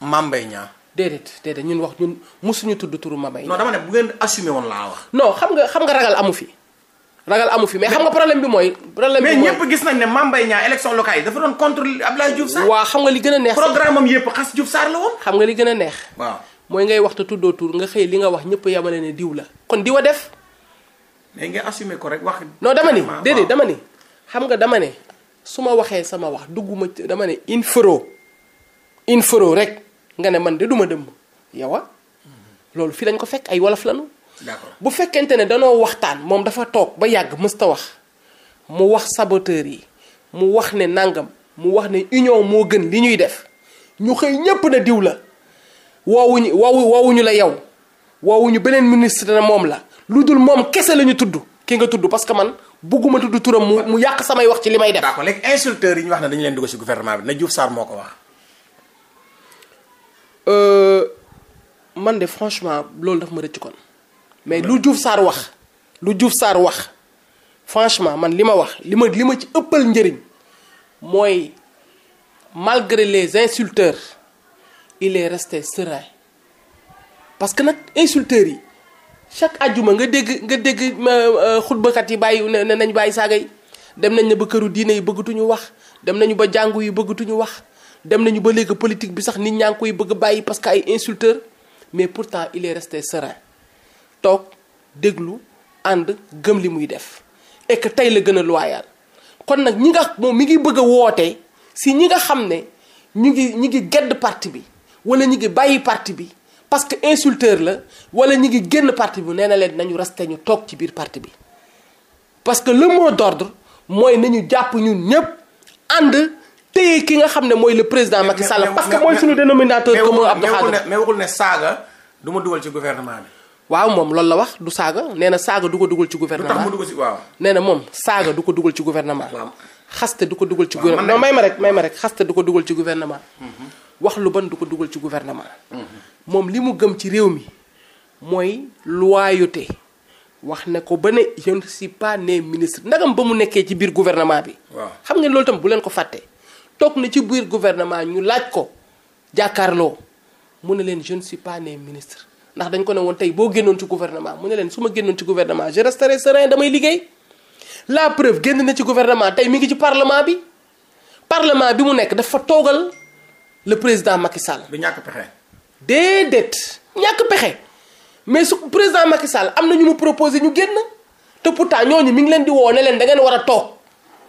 [SPEAKER 1] Mame Mbaye Niang. déedéet déedéet ñun wax ñun mosuñu tudd turu Mame Mbaye Niang. non bu ngeen assumé woon laa wax. non xam nga xam nga ragal amu fi. ragal amu fi mais xam nga problème bi mooy. problème bi mooy mais ñëpp gis nañ ne Mame Mbaye Niang élection locale yi dafa doon contre Abdoulaye Diouf Sarr. waaw xam nga li gën a neex programme am yëpp xas Diouf Sarr xam nga li gën a neex. waaw mooy ngay wax te tuddoo tur nga xëy li nga wax ñëpp yamale ne diw la. kon diwa def. mais nga assumer ko rek wax. non dama ni déedéet dama ni xam nga dama ne su ma waxee sama wax dugguma dama ne infro infro rek nga ne man de duma dëmm yow a ah, loolu fii lañ ko fekk ay wolof lañu bu fekkente ne danoo waxtaan moom dafa toog ba yàgg mësta wax mu wax saboteur yi mu wax ne nangam mu wax ne union moo gën li ñuy def ñu xëy ñépp na diw la woowuñu woowu woowuñu la yow woowuñu beneen ministre na moom la lu dul moom kese la ñu tudd ki nga tudd parce que man bugguma tudd turam mu mu yàq samay wax ci li may def. d'accord léegi insulteurs yi ñu wax ne dañu leen dugg ci gouvernement bi na Diouf Sarr moo ko wax. Euh, man de loolu daf ma rëcc kon. mais lu Diouf saar wax lu juuf saar wax franchement man li ma wax li ma li ma ci ëppal njëriñ mooy malgré les insulteurs il est resté serein parce que nag insulteurs yi chaque ajjuma nga dégg nga dégg euh, xutbakat yi bàyyi ne nañ bàyyi saaga yi dem nañ ne ba këru diine yi bëggatuñu wax dem nañu ba jàngu yi bëggatuñu wax dem nañu ba léegi politique bi sax nit ñaa ngi koy bëgg bàyyi parce que ay insulteurs mais pourtant il est resté serein toog déglu ànd gëm li muy def et que tey la gën a loyal kon nag ñi nga moom mi ngi bëgg a woote si ñi nga xam ne ñu ngi ñu ngi gedd parti bi wala ñu ngi bàyyi parti bi parce que insulteur la wala ñi ngi génn parti bi nee na leen nañu resté ñu toog ci biir parti bi parce que le mot d'ordre mooy nañu jàpp ñun ñëpp ànd téye ki nga xam ne mooy le président Macky Sall parce mooy suñu dénominateur commun Abdou Khadre mais waxul ne saaga du ma dugal ci gouvernement bi waaw moom loolu la wax du saaga nee na saaga du ko dugal ci gouvernement lu tax mu dugal nee na moom saaga du ko dugal ci gouvernement. waaw xaste du ko dugal ci. waaw non may ma rek may ma xaste du ko dugal ci gouvernement. Mhm. wax lu ban du ko dugal ci gouvernement. Mhm. moom li mu gëm ci réew mi mooy loyauté wax na ko ba ne je ne suis pas né ministre ndagam ba mu nekkee ci biir gouvernement bi. waaw xam ngeen loolu tam bu leen ko fàtte. toog na ci biir gouvernement ñu laaj ko jàkkaarloo mu ne leen je ne suis ministre. ndax dañ ko ne woon tey boo génnoon ci gouvernement mu ne leen su ma génnoon ci gouvernement je resterai serein damay liggéey la preuve génn na ci gouvernement tey mi ngi ci parlement bi parlement bi mu nekk daf fa toogal le président Macky Sall. du ñàkk pexe. déedéet ñàkk pexe mais su président Macky Sall am na ñu mu proposé ñu génn te pourtant ñooñu mu ngi leen di woo ne leen da ngeen war a toog.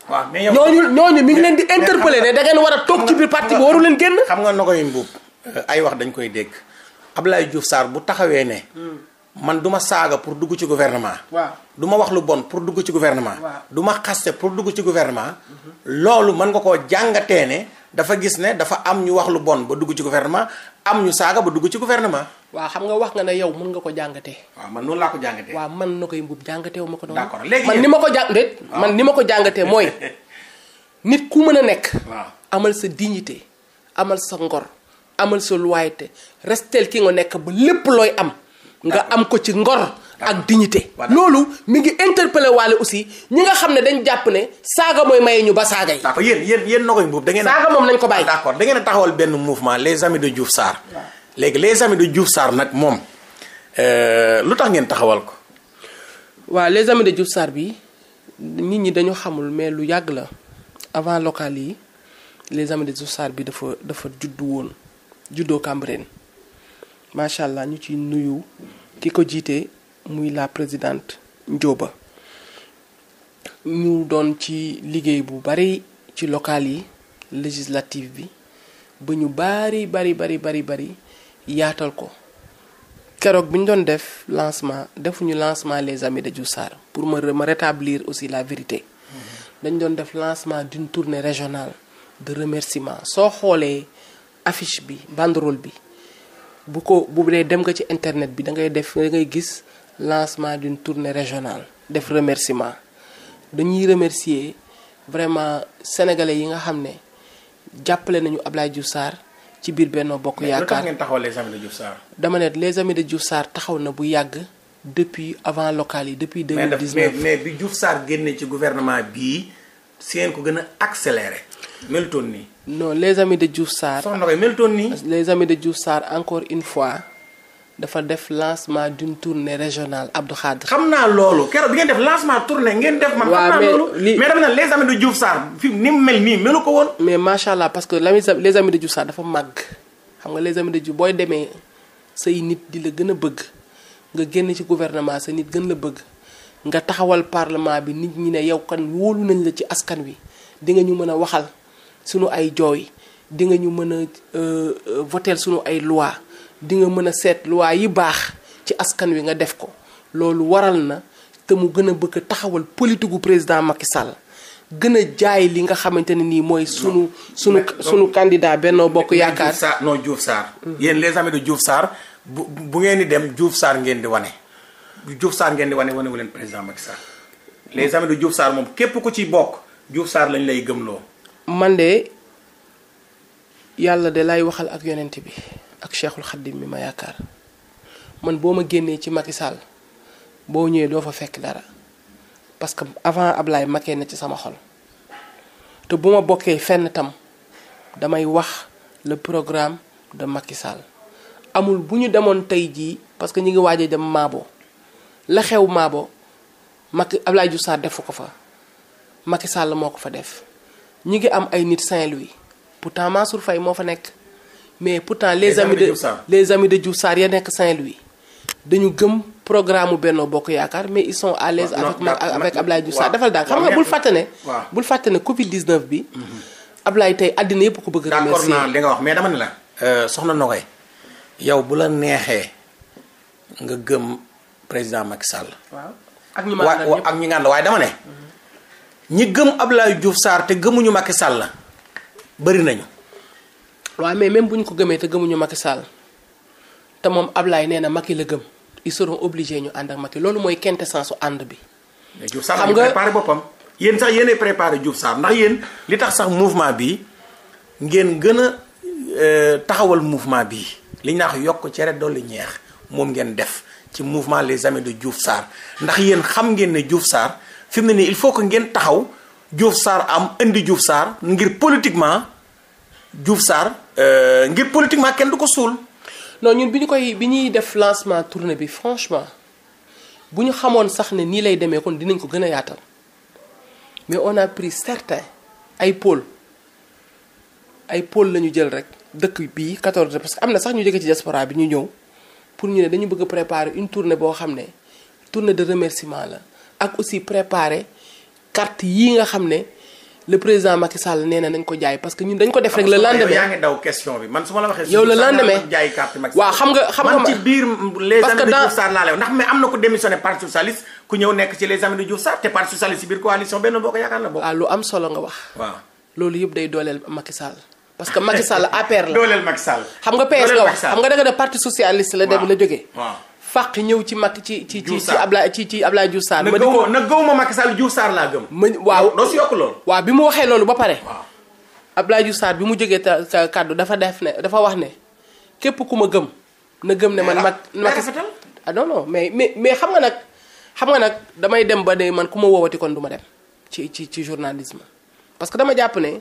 [SPEAKER 1] waaw mais yow ñooñu ñooñu mi ngi leen di interpellé ne da ngeen war a toog ci biir parti bi leen génn. xam nga na koy mbuub euh, ay wax dañ koy dégg. laay Diouf saar bu taxawee ne. Hmm. man duma ma saaga pour dugg ci gouvernement. waaw du wax lu bon pour dugg ci gouvernement. du ma xaste pour dugg ci gouvernement. Hmm. loolu mën nga koo jàngatee ne dafa gis ne dafa am ñu wax lu bon ba dugg ci gouvernement am ñu saaga ba dugg ci gouvernement. waa xam nga wax nga ne yow mën nga ko jàngatee. waa man noonu laa ko jàngatee. waaw man na koy mbub jàngatee wu ma ko. d'accord léegi man ni ma ko jàngatee. Ah. man ni ma ko jàngatee mooy [laughs] nit ku mën a nekk. amal sa dignité amal sa ngor. amal sa loyauté restel ki nga nekk ba lépp looy am nga am ko ci ngor ak dignité loolu mi ngi interpellé waale aussi ñi nga xam ne dañ jàpp ne saaga mooy maye ñu ba saaga yi d'accord yéen yéen yéen da ngeen saaga moom nañ ko bàyyi d'accord da ngeen a taxawal benn mouvement les amis de Diouf saar léegi les amis de Diouf saar nag moom euh, lu tax ngeen taxawal ko waa les amis de Diouf Sarr bi nit ñi dañu xamul mais lu yàgg la avant locale yi les amis de Diouf Sarr bi dafa dafa juddu woon juddoo Cambérène macha allah ñu ci nuyu ki ko jiite muy la présidente Ndioba ñu doon ci liggéey bu bari ci local yi législative bi ba ñu bari bari bari bari bari yaatal ko keroog bi ñu doon def lancement defuñu lancement les amis de Diouf pour ma ma aussi la vérité mm-hmm. dañ doon def lancement d'une tournée régionale de remerciement soo xoolee affiche bi banderole bi bu ko bu dee dem nga ci internet bi da ngay def da ngay gis lancement d'une tournée régionale def remerciement dañuy remercier vraiment sénégalais yi nga xam ne jàppale nañu Ablaye Diouf saar ci biir Benno Bokk Yaakaar ngeen taxaw les amis de Diouf Sarr dama ne les amis de Diouf Sarr taxaw na bu yàgg depuis avant locales yi depuis 2019 mais bi Diouf saar génnee ci gouvernement bii si ko gën a accéléré melutoon nii non les amis de Diouf Sarr. soxna koy melutoon amis de Diouf Sarr encore une fois dafa def lancement d'une tournée régional Abdou Khadre. xam naa loolu keroog bi ngeen def lancement tournée ngeen def. man xam naa loolu mais dama ne les amis ko woon. mais macha allah parce que les amis de Diouf Sarr dafa màgg xam nga les amis de Diouf booy demee say nit di la gën a bëgg nga génn ci gouvernement sa nit gën la bëgg nga taxawal parlement bi nit ñi ne yow kan wóolu nañ la ci askan wi di nga ñu mën a waxal. sunu ay jooy dinga ñu mën a euh, euh, voter sunu ay loi di nga mën a seet loi yi baax ci askan wi nga def ko loolu waral na te mu gën a bëgg a taxawal politique gu président Macky Sall gën a jaay li nga xamante ne nii mooy. sunu sunu sunu candidat Benno Bokk Yaakaar. noo Diouf Sarr. yéen les amis de saar bu bu ngeen di dem Diouf saar ngeen di wane Diouf Sarr ngeen di wane wane wu leen président Macky Sall les amis de Diouf moom képp ko ci bokk Diouf Sarr lañ lay gëmloo. man de yàlla de lay waxal ak yonent bi ak cheikhul xaddim mi ma yaakaar man boo ma génnee ci Macky Sall boo ñëwee doo fa fekk dara parce que avant Ablaye Macky na ci sama xol te bu ma bokkee fenn tam damay wax le programme de Macky amul bu ñu demoon tey jii parce que ñu ngi waaj a dem Maabo la xew Maabo Macky Ablaye Diouf Sarr defu ko fa Macky moo ko fa def. ñu ngi am ay nit Saint-Louis pourtant Mansour fay moo fa nekk mais pourtant les amis de les amis de Diouf Sarr ya nekk Saint-Louis dañu gëm programme mu Benno Bokk Yaakaar mais ils sont à l'aise avec ma avec Ablaye Diouf Sarr defal daal xam nga bul fàtte ne bul fàtte ne Covid 19 bi mm-hmm. Ablaye tey àddina yëpp ko bëgg remercier d'accord naa li nga wax mais dama ne la euh, soxna Nogaye yow bu la neexee nga gëm président Macky Sall waaw ak ñi nga ànd waaye dama ne mm-hmm. ñi gëm Abdoulaye Diouf saar te gëmuñu Macky Sall la bëri nañu. waaw mais même bu ñu ko gëmee te gëmuñu Macky Sall te moom Ablaye nee na Macky la gëm ils seront ñu ànd ak Macky loolu mooy quintessence su ànd bi. mais Diouf Sarr xam nga préparé boppam yéen sax yéenay préparé Diouf Sarr ndax yéen li tax sax mouvement bi ngeen gën a euh, taxawal mouvement bi li ñu yokk cere dolli ñeex moom ngeen def ci mouvement les amis de Diouf Sarr ndax yéen xam ngeen ne Diouf Sarr fi mu ne nii il faut que ngeen taxaw Diouf saar am indi Diouf saar ngir politiquement Diouf Sarr euh, ngir politiquement kenn du ko suul. non ñun bi ñu koy bi ñuy def lancement tournée bi franchement bu ñu xamoon sax ne nii lay demee kon dinañ ko gën a yaatal mais on a pris certains ay pôles ay pole la ñu jël rek dëkk bii 14 parce que am na sax ñu jóge ci diaspora bi ñu ñëw pour ñu ne dañu bëgg a préparer une tournée boo xam ne tournée de remerciement la. ak aussi préparer carte yii nga xam ne le président Macky Sall nee nañ ko jaay parce que ñun dañ ko def rek. le ah, lendemain yaa ngi daw question bi man su ma la waxee. yow le lendemain jaay carte Macky Sall waaw am na ku démissionné parti nekk ci les amis de Diouf Sarr te parti socialiste ci biir coalition benn la ah, wax. que Macky Sall [laughs] APR la dooleel Macky Sall. xam nga PS nga wax xam nga da nga parti socialiste la dem la jógee. fàq ñëw ci Macky ci ci ci ci Ablaye ci ci Ablaye Diouf Sarr. ma di nag gëwuma Macky Sall Diouf Sarr laa gëm. ma waaw doo si yokk loolu. waaw bi mu waxee loolu ba pare. waaw Ablaye Diouf bi mu jógee ta kàddu dafa def ne dafa wax ne képp ku ma gëm na gëm ne man. Macky Sall ah non non mais mais xam nga nag xam nga nag damay dem ba de man ku ma woowati kon du ma dem ci ci ci journalisme parce que dama jàpp ne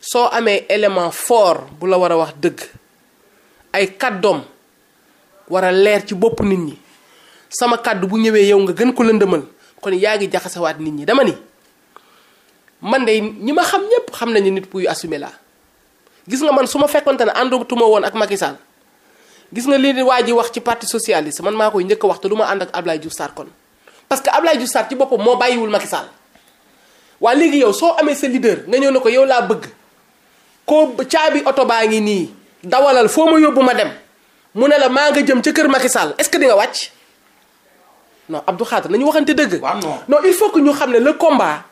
[SPEAKER 1] soo amee élément fort bu la war a wax dëgg ay kàddoom. war leer ci bopp nit ñi sama kàddu bu ñëwee yow nga gën ko lëndëmal kon yaa ngi jaxasawaat nit ñi dama ni man de ñi ma xam ñëpp xam nañu nit puy assumer laa gis nga man su ma fekkante ne àndatuma woon ak Macky gis nga lii waa ji wax ci parti socialiste man maa koy njëkk a wax te du ma ànd ak Ablaye Diouf Sarr kon parce que Ablaye Diouf Sarr ci boppam moo bàyyiwul Macky Sall waa léegi yow soo amee sa leader nga ñëw ne ko yow laa bëgg koo caabi oto baa ngi nii dawalal foo ma yóbbu ma dem. mu ne la maa nga jëm ca kër Macky est-ce que di nga wàcc non Abdou Khadre nañu waxante dëgg. non il faut que ñu xam ne le combat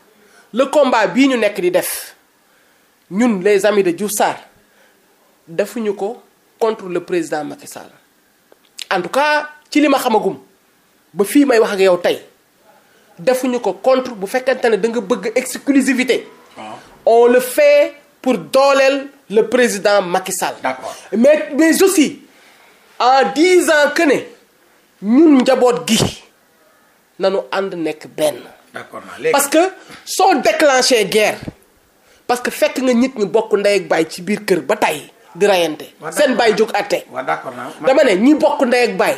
[SPEAKER 1] le combat bii ñu nekk di def ñun les amis de Diouf Sarr defuñu ko contre le président Macky Sall en tout cas ci li ma xamagum ba fii may wax ak yow tey defuñu ko contre bu fekkante ne da nga bëgg exclusivité. on le fait pour dooleel le président Macky Sall. mais mais aussi. en disant que ne ñun njaboot gi nanu ànd nekk benn. d'accord parce que soo déclenché guerre parce que fekk nga nit ñi bokk ndey ak baay ci biir kër ba tey di rayante. seen baay jóg àtte. dama ne ñi bokk ndey ak baay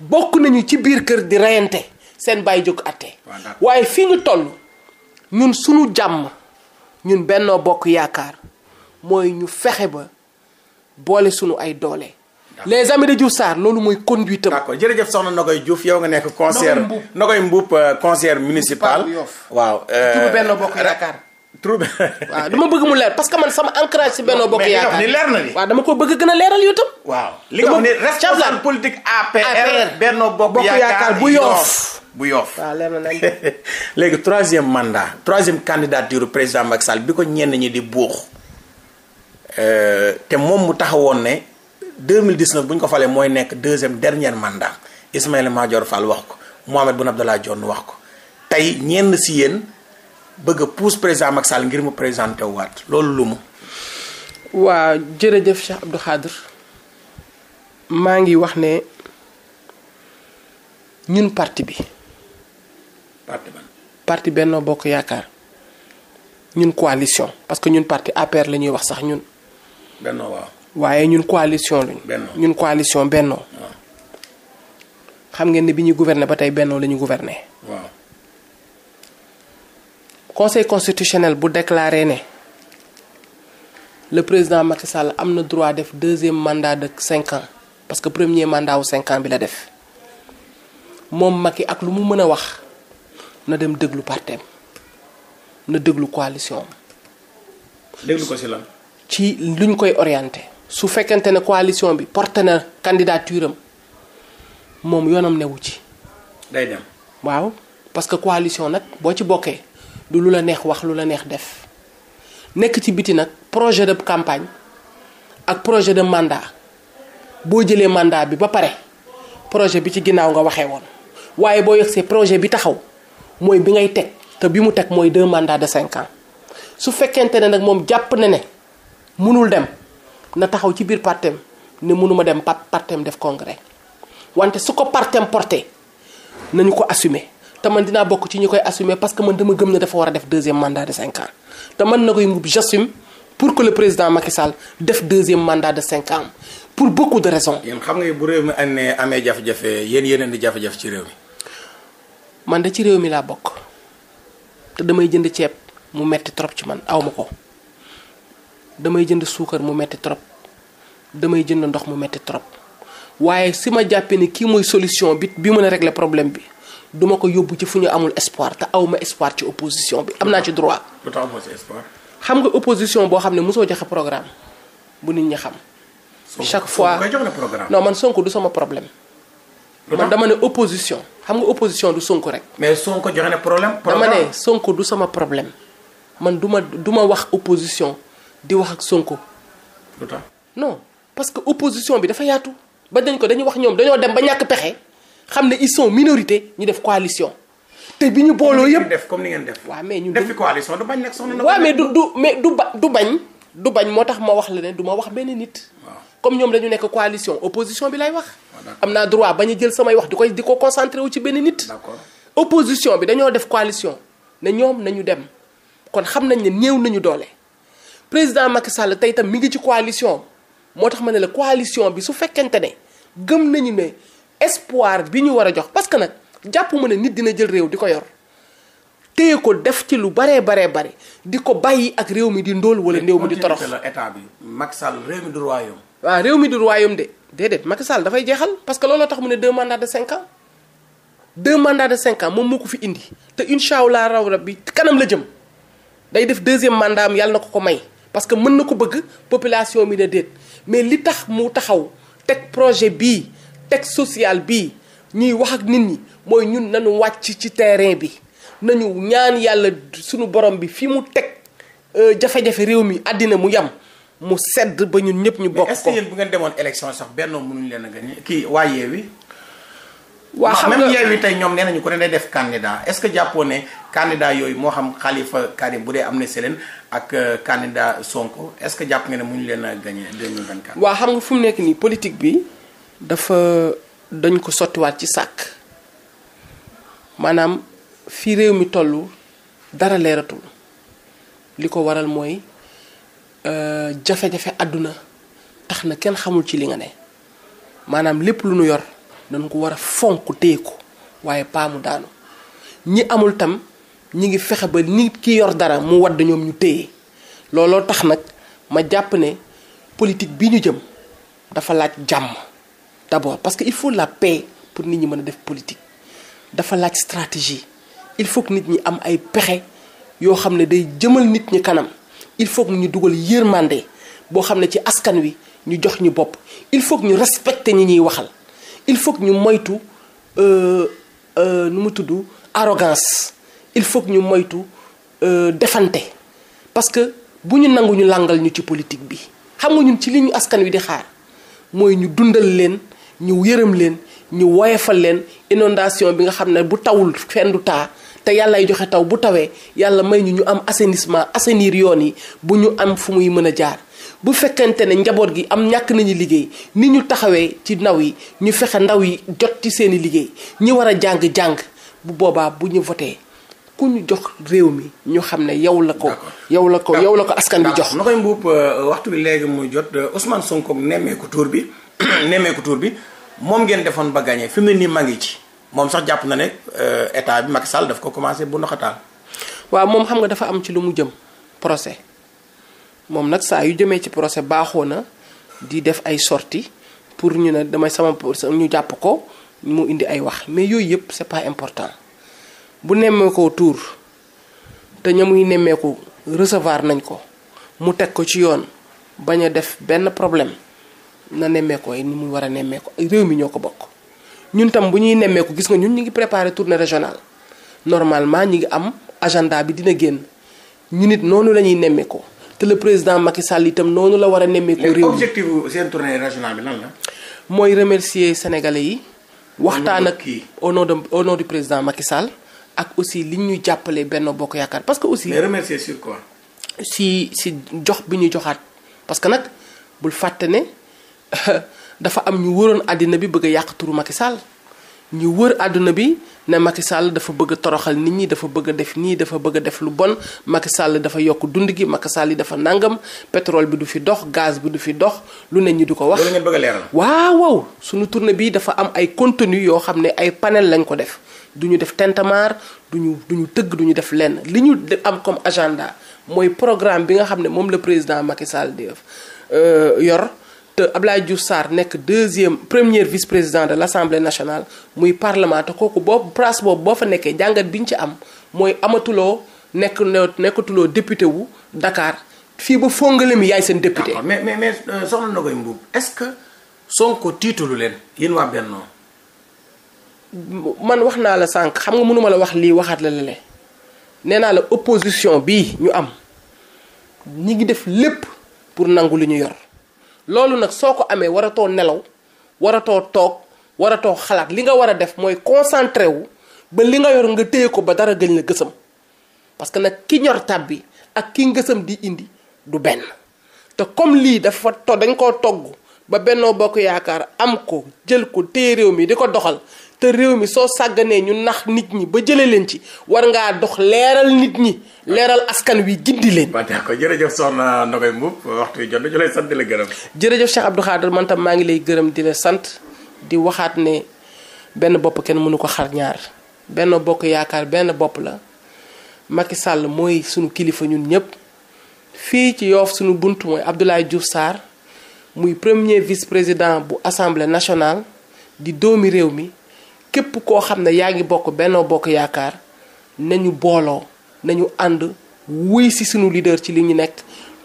[SPEAKER 1] bokk nañu ci biir kër di rayante seen baay jóg àtte. waaye fii ñu tollu ñun suñu jàmm ñun bennoo bokk yaakaar mooy ñu fexe ba boole sunu ay doole. les amis de Diouf Sarr loolu mooy conduite am. d'accord jërëjëf soxna yow nga nekk conseillère Nogoy Mboup euh, conseillère municipal waaw. Euh, turu Benno Bokk Yaakaar. [laughs] dama bëgg mu leer parce que man sama ancrage si Benno Bokk leer na li dama ko bëgg gën a leeral yow tam. waaw li nga xam ne responsable bu Yoff bu Yoff. waaw leer [laughs] léegi troisième mandat troisième candidature président Macky Sall bi ko ñenn ñi di buux euh, te moom mu taxawoon ne. 2019 bu ñu ko falee mooy nekk deuxième dernier mandat Ismaïla Madior Fall wax ko Mahammed Boun Abdallah Dionne wax ko tey ñenn si yéen bëgg a pousse président Macky Sall ngir mu présenté waat loolu lu mu. waaw jërëjëf Cheikh Abdou Khadre maa ngi wax ne ñun parti bi. parti ban parti Benno Bokk Yaakaar ñun coalition. parce que ñun parti APR la ñuy wax sax ñun. Benno waaye ñun coalition lañu. ñun coalition bennoo. xam ngeen ne bi ñuy gouverner ba tey bennoo la ñu gouverner. waaw. conseil constitutionnel bu déclaré ne le président Macky Sall am na droit def deuxième mandat dëkk cinq ans parce que premier mandat wu cinq bi la def moom mag yi ak lu mu mën a wax na dem déglu parteem na déglu coalition am. ko ci lan. ci luñ koy orienté. su fekkente ne coalition bi porté na candidature am moom yoonam newu ci. day dem waaw parce que coalition nag boo ci bokkee lu la neex wax lu la neex def nekk ci biti nag projet de campagne ak projet de mandat boo jëlee mandat bi ba pare projet bi ci ginnaaw nga waxee woon waaye boo see projet bi taxaw mooy bi ngay teg te bi mu teg mooy de mandats de cinq ans su fekkente ne nag moom jàpp na ne mënul dem. na taxaw ci biir partem ne mënuma dem pat partem def congrès wante su ko partem porté nañu ko assumer te man dinaa bokk ci ñu koy assumer parce que man dama gëm ne dafa war a def deuxième mandat de cinq ans te man na koy mbub j'assume pour que le président Macky Sall def deuxième mandat de cinq ans pour beaucoup de raisons. yéen xam nga bu réew mi amee amee jafe-jafe yéen yeneen di jafe-jafe ci réew mi. man de ci réew mi laa bokk te damay jënd ceeb mu metti trop ci man aw ma ko damay jënd suukar mu metti trop damay jënd ndox mu metti trop waaye si ma jàppee ni kii mooy solution bi bi mën a régler problème bi duma ko yóbbu ci fu ñu amul espoir te awma espoir ci opposition bi am naa ci droit. xam nga opposition boo xam ne mosoo joxe programme bu nit ñi xam. chaque fois non man Sonko du sama problème. man dama ne opposition xam nga opposition du Sonko rek. mais Sonko joxe na problème. dama ne Sonko du sama problème man duma ma du ma wax opposition di wax ak Sonko. non. parce que opposition bi dafa yaatu ba dañ ko dañu wax ñoom dañoo dem ba ñàkk pexe xam na ils sont minorité ñu def coalition. te bi ñu booloo yëpp def comme ni ngeen def. waaw mais ñun def coalition du bañ nag soxna na waaw du du mais du ba du bañ. du bañ moo tax ma wax la ne du ma wax benn nit. comme ñoom dañu nekk coalition opposition bi lay wax. am naa droit bañ a jël samay wax di koy di ko concentré wu ci benn nit. opposition bi dañoo def coalition ne ñoom nañu dem kon xam nañ ne néew nañu doole président Macky Sall tey tam mi ngi ci coalition moo tax ma ne la coalition bi su fekkente ne gëm nañu ne espoir bi ñu war a jox parce que nag jàpp ma ne nit dina jël réew di ko yor téye ko def ci lu baree baree bare di ko bàyyi ak réew mi di ndóol wala réew mi di torox état bi Macky Sall réew mi du royaume waaw de déedéet Macky dafay jeexal parce que looloo tax mu ne deux mandats de cinq ans deux mandats de cinq moom moo fi indi te incha allah raw bi kanam la jëm day def deuxième mandat yàlla na ko ko may parce que mën na ko bëgg population bi ne déet mais li tax mu taxaw teg projet bii teg social bii ñuy wax ak nit ñi mooy ñun nañu wàcc ci terrain bi nañu ñaan yàlla suñu borom bi fi mu teg euh, jafe-jafe réew mi àddina mu yam mu sedd ba ñun ñëpp ñu bokk ko. mais bu ngeen demoon élection sax benn mënuñ leen a gagné kii waa wi waa xam nga même Yewwi ko ne def candidat est que jàppoo ne yooyu moo xam Khalifa Karim bu dee am na si leen ak euh, candidat Sonko est-ce que jàpp nga ne mu ñu leen a gagné 2024. waaw xam nga fu mu nekk nii politique bi dafa dañ ko sottiwaat ci sàkk maanaam fii réew mi toll dara leeratul li ko waral mooy euh, jafe-jafe àdduna tax na kenn xamul ci li nga ne maanaam lépp lu nu yor. dañ ko war a fonk téye ko waaye paa mu daanu ñi amul tam ñi ngi fexe ba nit ki yor dara mu wadd ñoom ñu téye looloo tax nag ma jàpp ne politique bi ñu jëm dafa laaj jàmm d'abord parce que il faut la paix pour nit ñi mën a def politique dafa laaj stratégie il faut nit ñi am ay pexe yoo xam ne day jëmal nit ñi kanam il faut que ñu dugal yërmande boo xam ne ci askan wi ñu jox ñu bopp il faut que ñu respecter ñi ñuy waxal il faut ñu moytu euh, euh, nu mu tudd arrogance il faut ñu moytu euh, defante parce que bu ñu nangu ñu làngal ñu ci politique bi xam nga ñun ci li ñu askan wi di xaar mooy ñu dundal leen ñu yërëm leen ñu woyefal leen inondation bi nga xam ne bu tawul fenn du taa te yàllay joxe taw bu tawee yàlla may ñu ñu am assainissement assenir yoon yi bu ñu am fu muy mën a jaar bu fekkente ne njaboot gi am ñàkk nañu liggéey ni ñu taxawee ci ndaw yi ñu fexe ndaw yi jot ci seeni liggéey ñi war a jàng-jàng bu boobaa bu ñu votee ku ñu jox réew mi ñu xam ne yow la ko. yow la ko ah, yow la ko askan bi ah, jox. Nogaye Mboup euh, waxtu bi léegi mu jot euh, Ousmane Sonko nemmeeku tuur bi [clears throat] nemmeeku tuur bi moom ngeen defoon ba gagné fi mu ne nii maa ngi ci moom sax jàpp na ne euh, état bi Macky Sall daf ko commencé bu ndoxataal. waaw moom xam nga dafa am ci lu mu jëm procès. moom nag saa yu jëmee ci procès baaxoo na di def ay sorties pour ñu ne damay sama ñu jàpp ko mu indi ay wax mais yooyu yëpp c'est pas important bu nemmeekoo tuur te ña nemmeeku resevoir nañ ko mu teg ko ci yoon bañ a def benn problème na nemmeekoo yi ni mu war a nemmeeku réew mi ñoo ko bokk. ñun tam bu ñuy nemmeeku gis nga ñun ñu ngi préparer tournée régional normalement ñi ngi am agenda bi dina génn ñu nit noonu la ñuy nemmeekoo. te le président Macky Sall itam noonu la war a nemmeeku. réew mi objectif seen mooy remercier sénégalais yi. waxtaan ak au nom de au du président Macky Sall. ak aussi li ñu jàppale benn Bokk Yaakaar parce que aussi. mais remercier sur si si jox bi ñu joxaat parce que nag bul fàtte ne [laughs] dafa am ñu wëroon àddina bi bëgg a yàq turu Macky Sall. ñu wër àdduna bi ne Macky Sall dafa bëgg a toroxal nit ñi dafa bëgg a def nii dafa bëgg def lu bon Macky Sall dafa yokk dund gi Macky Sall yi dafa nangam pétrole bi du fi dox gaz bi du fi dox lu ne ñu du ko wax. loolu ngeen bëgg suñu tournée bi dafa am ay contenu yoo xam ne ay panel lañ ko def du ñu def tentamar du ñu du ñu tëgg du ñu def lenn li ñu am comme agenda mooy programme bi nga xam ne moom la président Macky Sall di def euh, yor. te Abdoulaye Diouf Sarr nekk deuxième premier vice-président de l'Assemblée nationale muy parlement kooku boobu place boobu boo fa nekkee jàngat bi ñu ci am mooy amatuloo nekk nekkatuloo député wu Dakar fii ba fongale mi yaay seen député. mais mais mais euh, soxna Ndogoy Mbuub est-ce que Sonko tiitulu leen yéen waa Benno man wax naa la sànq xam nga mënuma la wax lii waxaat la lale nee naa la opposition bii ñu am ñi ngi def lépp pour nangu li ñu yor. loolu nag soo ko amee waratoo nelaw waratoo toog waratoo xalaat li nga war a def mooy concentré wu ba li nga yor nga téye ko ba dara gëñ la gësam parce que nag ki ñor tab bi ak ki ngësam di indi du benn te comme lii dafa to dañ koo togg ba bennoo Bokk Yaakaar am ko jël ko téye réew mi di ko doxal te réew mi soo sàgganee ñu nax nit ñi ba jëlee leen ci war ngaa dox leeral nit ñi leeral askan wi gindi leen. waaw d'accord jërëjëf soxna Ndoye Mboup waxtu wi jot na ñu maa ngi lay gërëm di la sant di waxaat ne benn bopp kenn mënu ko xarñaar benn bokk yaakaar benn bopp la Macky sàll mooy suñu kilifa ñun ñëpp fii ci yoof sunu bunt mooy Abdoulaye Diouf Sarr muy premier vice président bu assemblée nationale di doomi réew mi. képp koo xam ne yaa ngi bokk Benno Bokk Yaakaar nañu booloo nañu ànd wuy si sunu leader ci li ñu nekk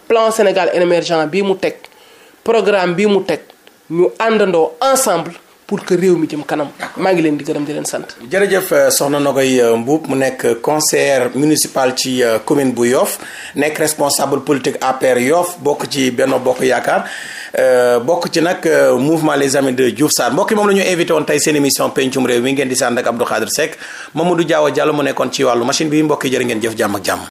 [SPEAKER 1] plan Sénégal émergent bi mu teg programme bi mu teg ñu àndandoo ensemble pour que réew mi jëm kanam. maa ngi leen di gërëm di leen sant. jërëjëf euh, soxna Nogoy euh, Mbuub mu nekk euh, conseiller municipal ci commune bu Yoff nekk responsable politique APR Yoff bokk ci Benno Bokk Yaakaar. Euh, bokk ci nag euh, mouvement les amis de Diouf Sarr mbokk yi moom la ñu invité tey seen émission pencum réew mi ngeen di sànd ak Abdou Khadre Seck Mamadou Diawa Diallo mu nekkoon ci wàllu machine bi mbokk yi ngeen jëf jàmm ak jàmm.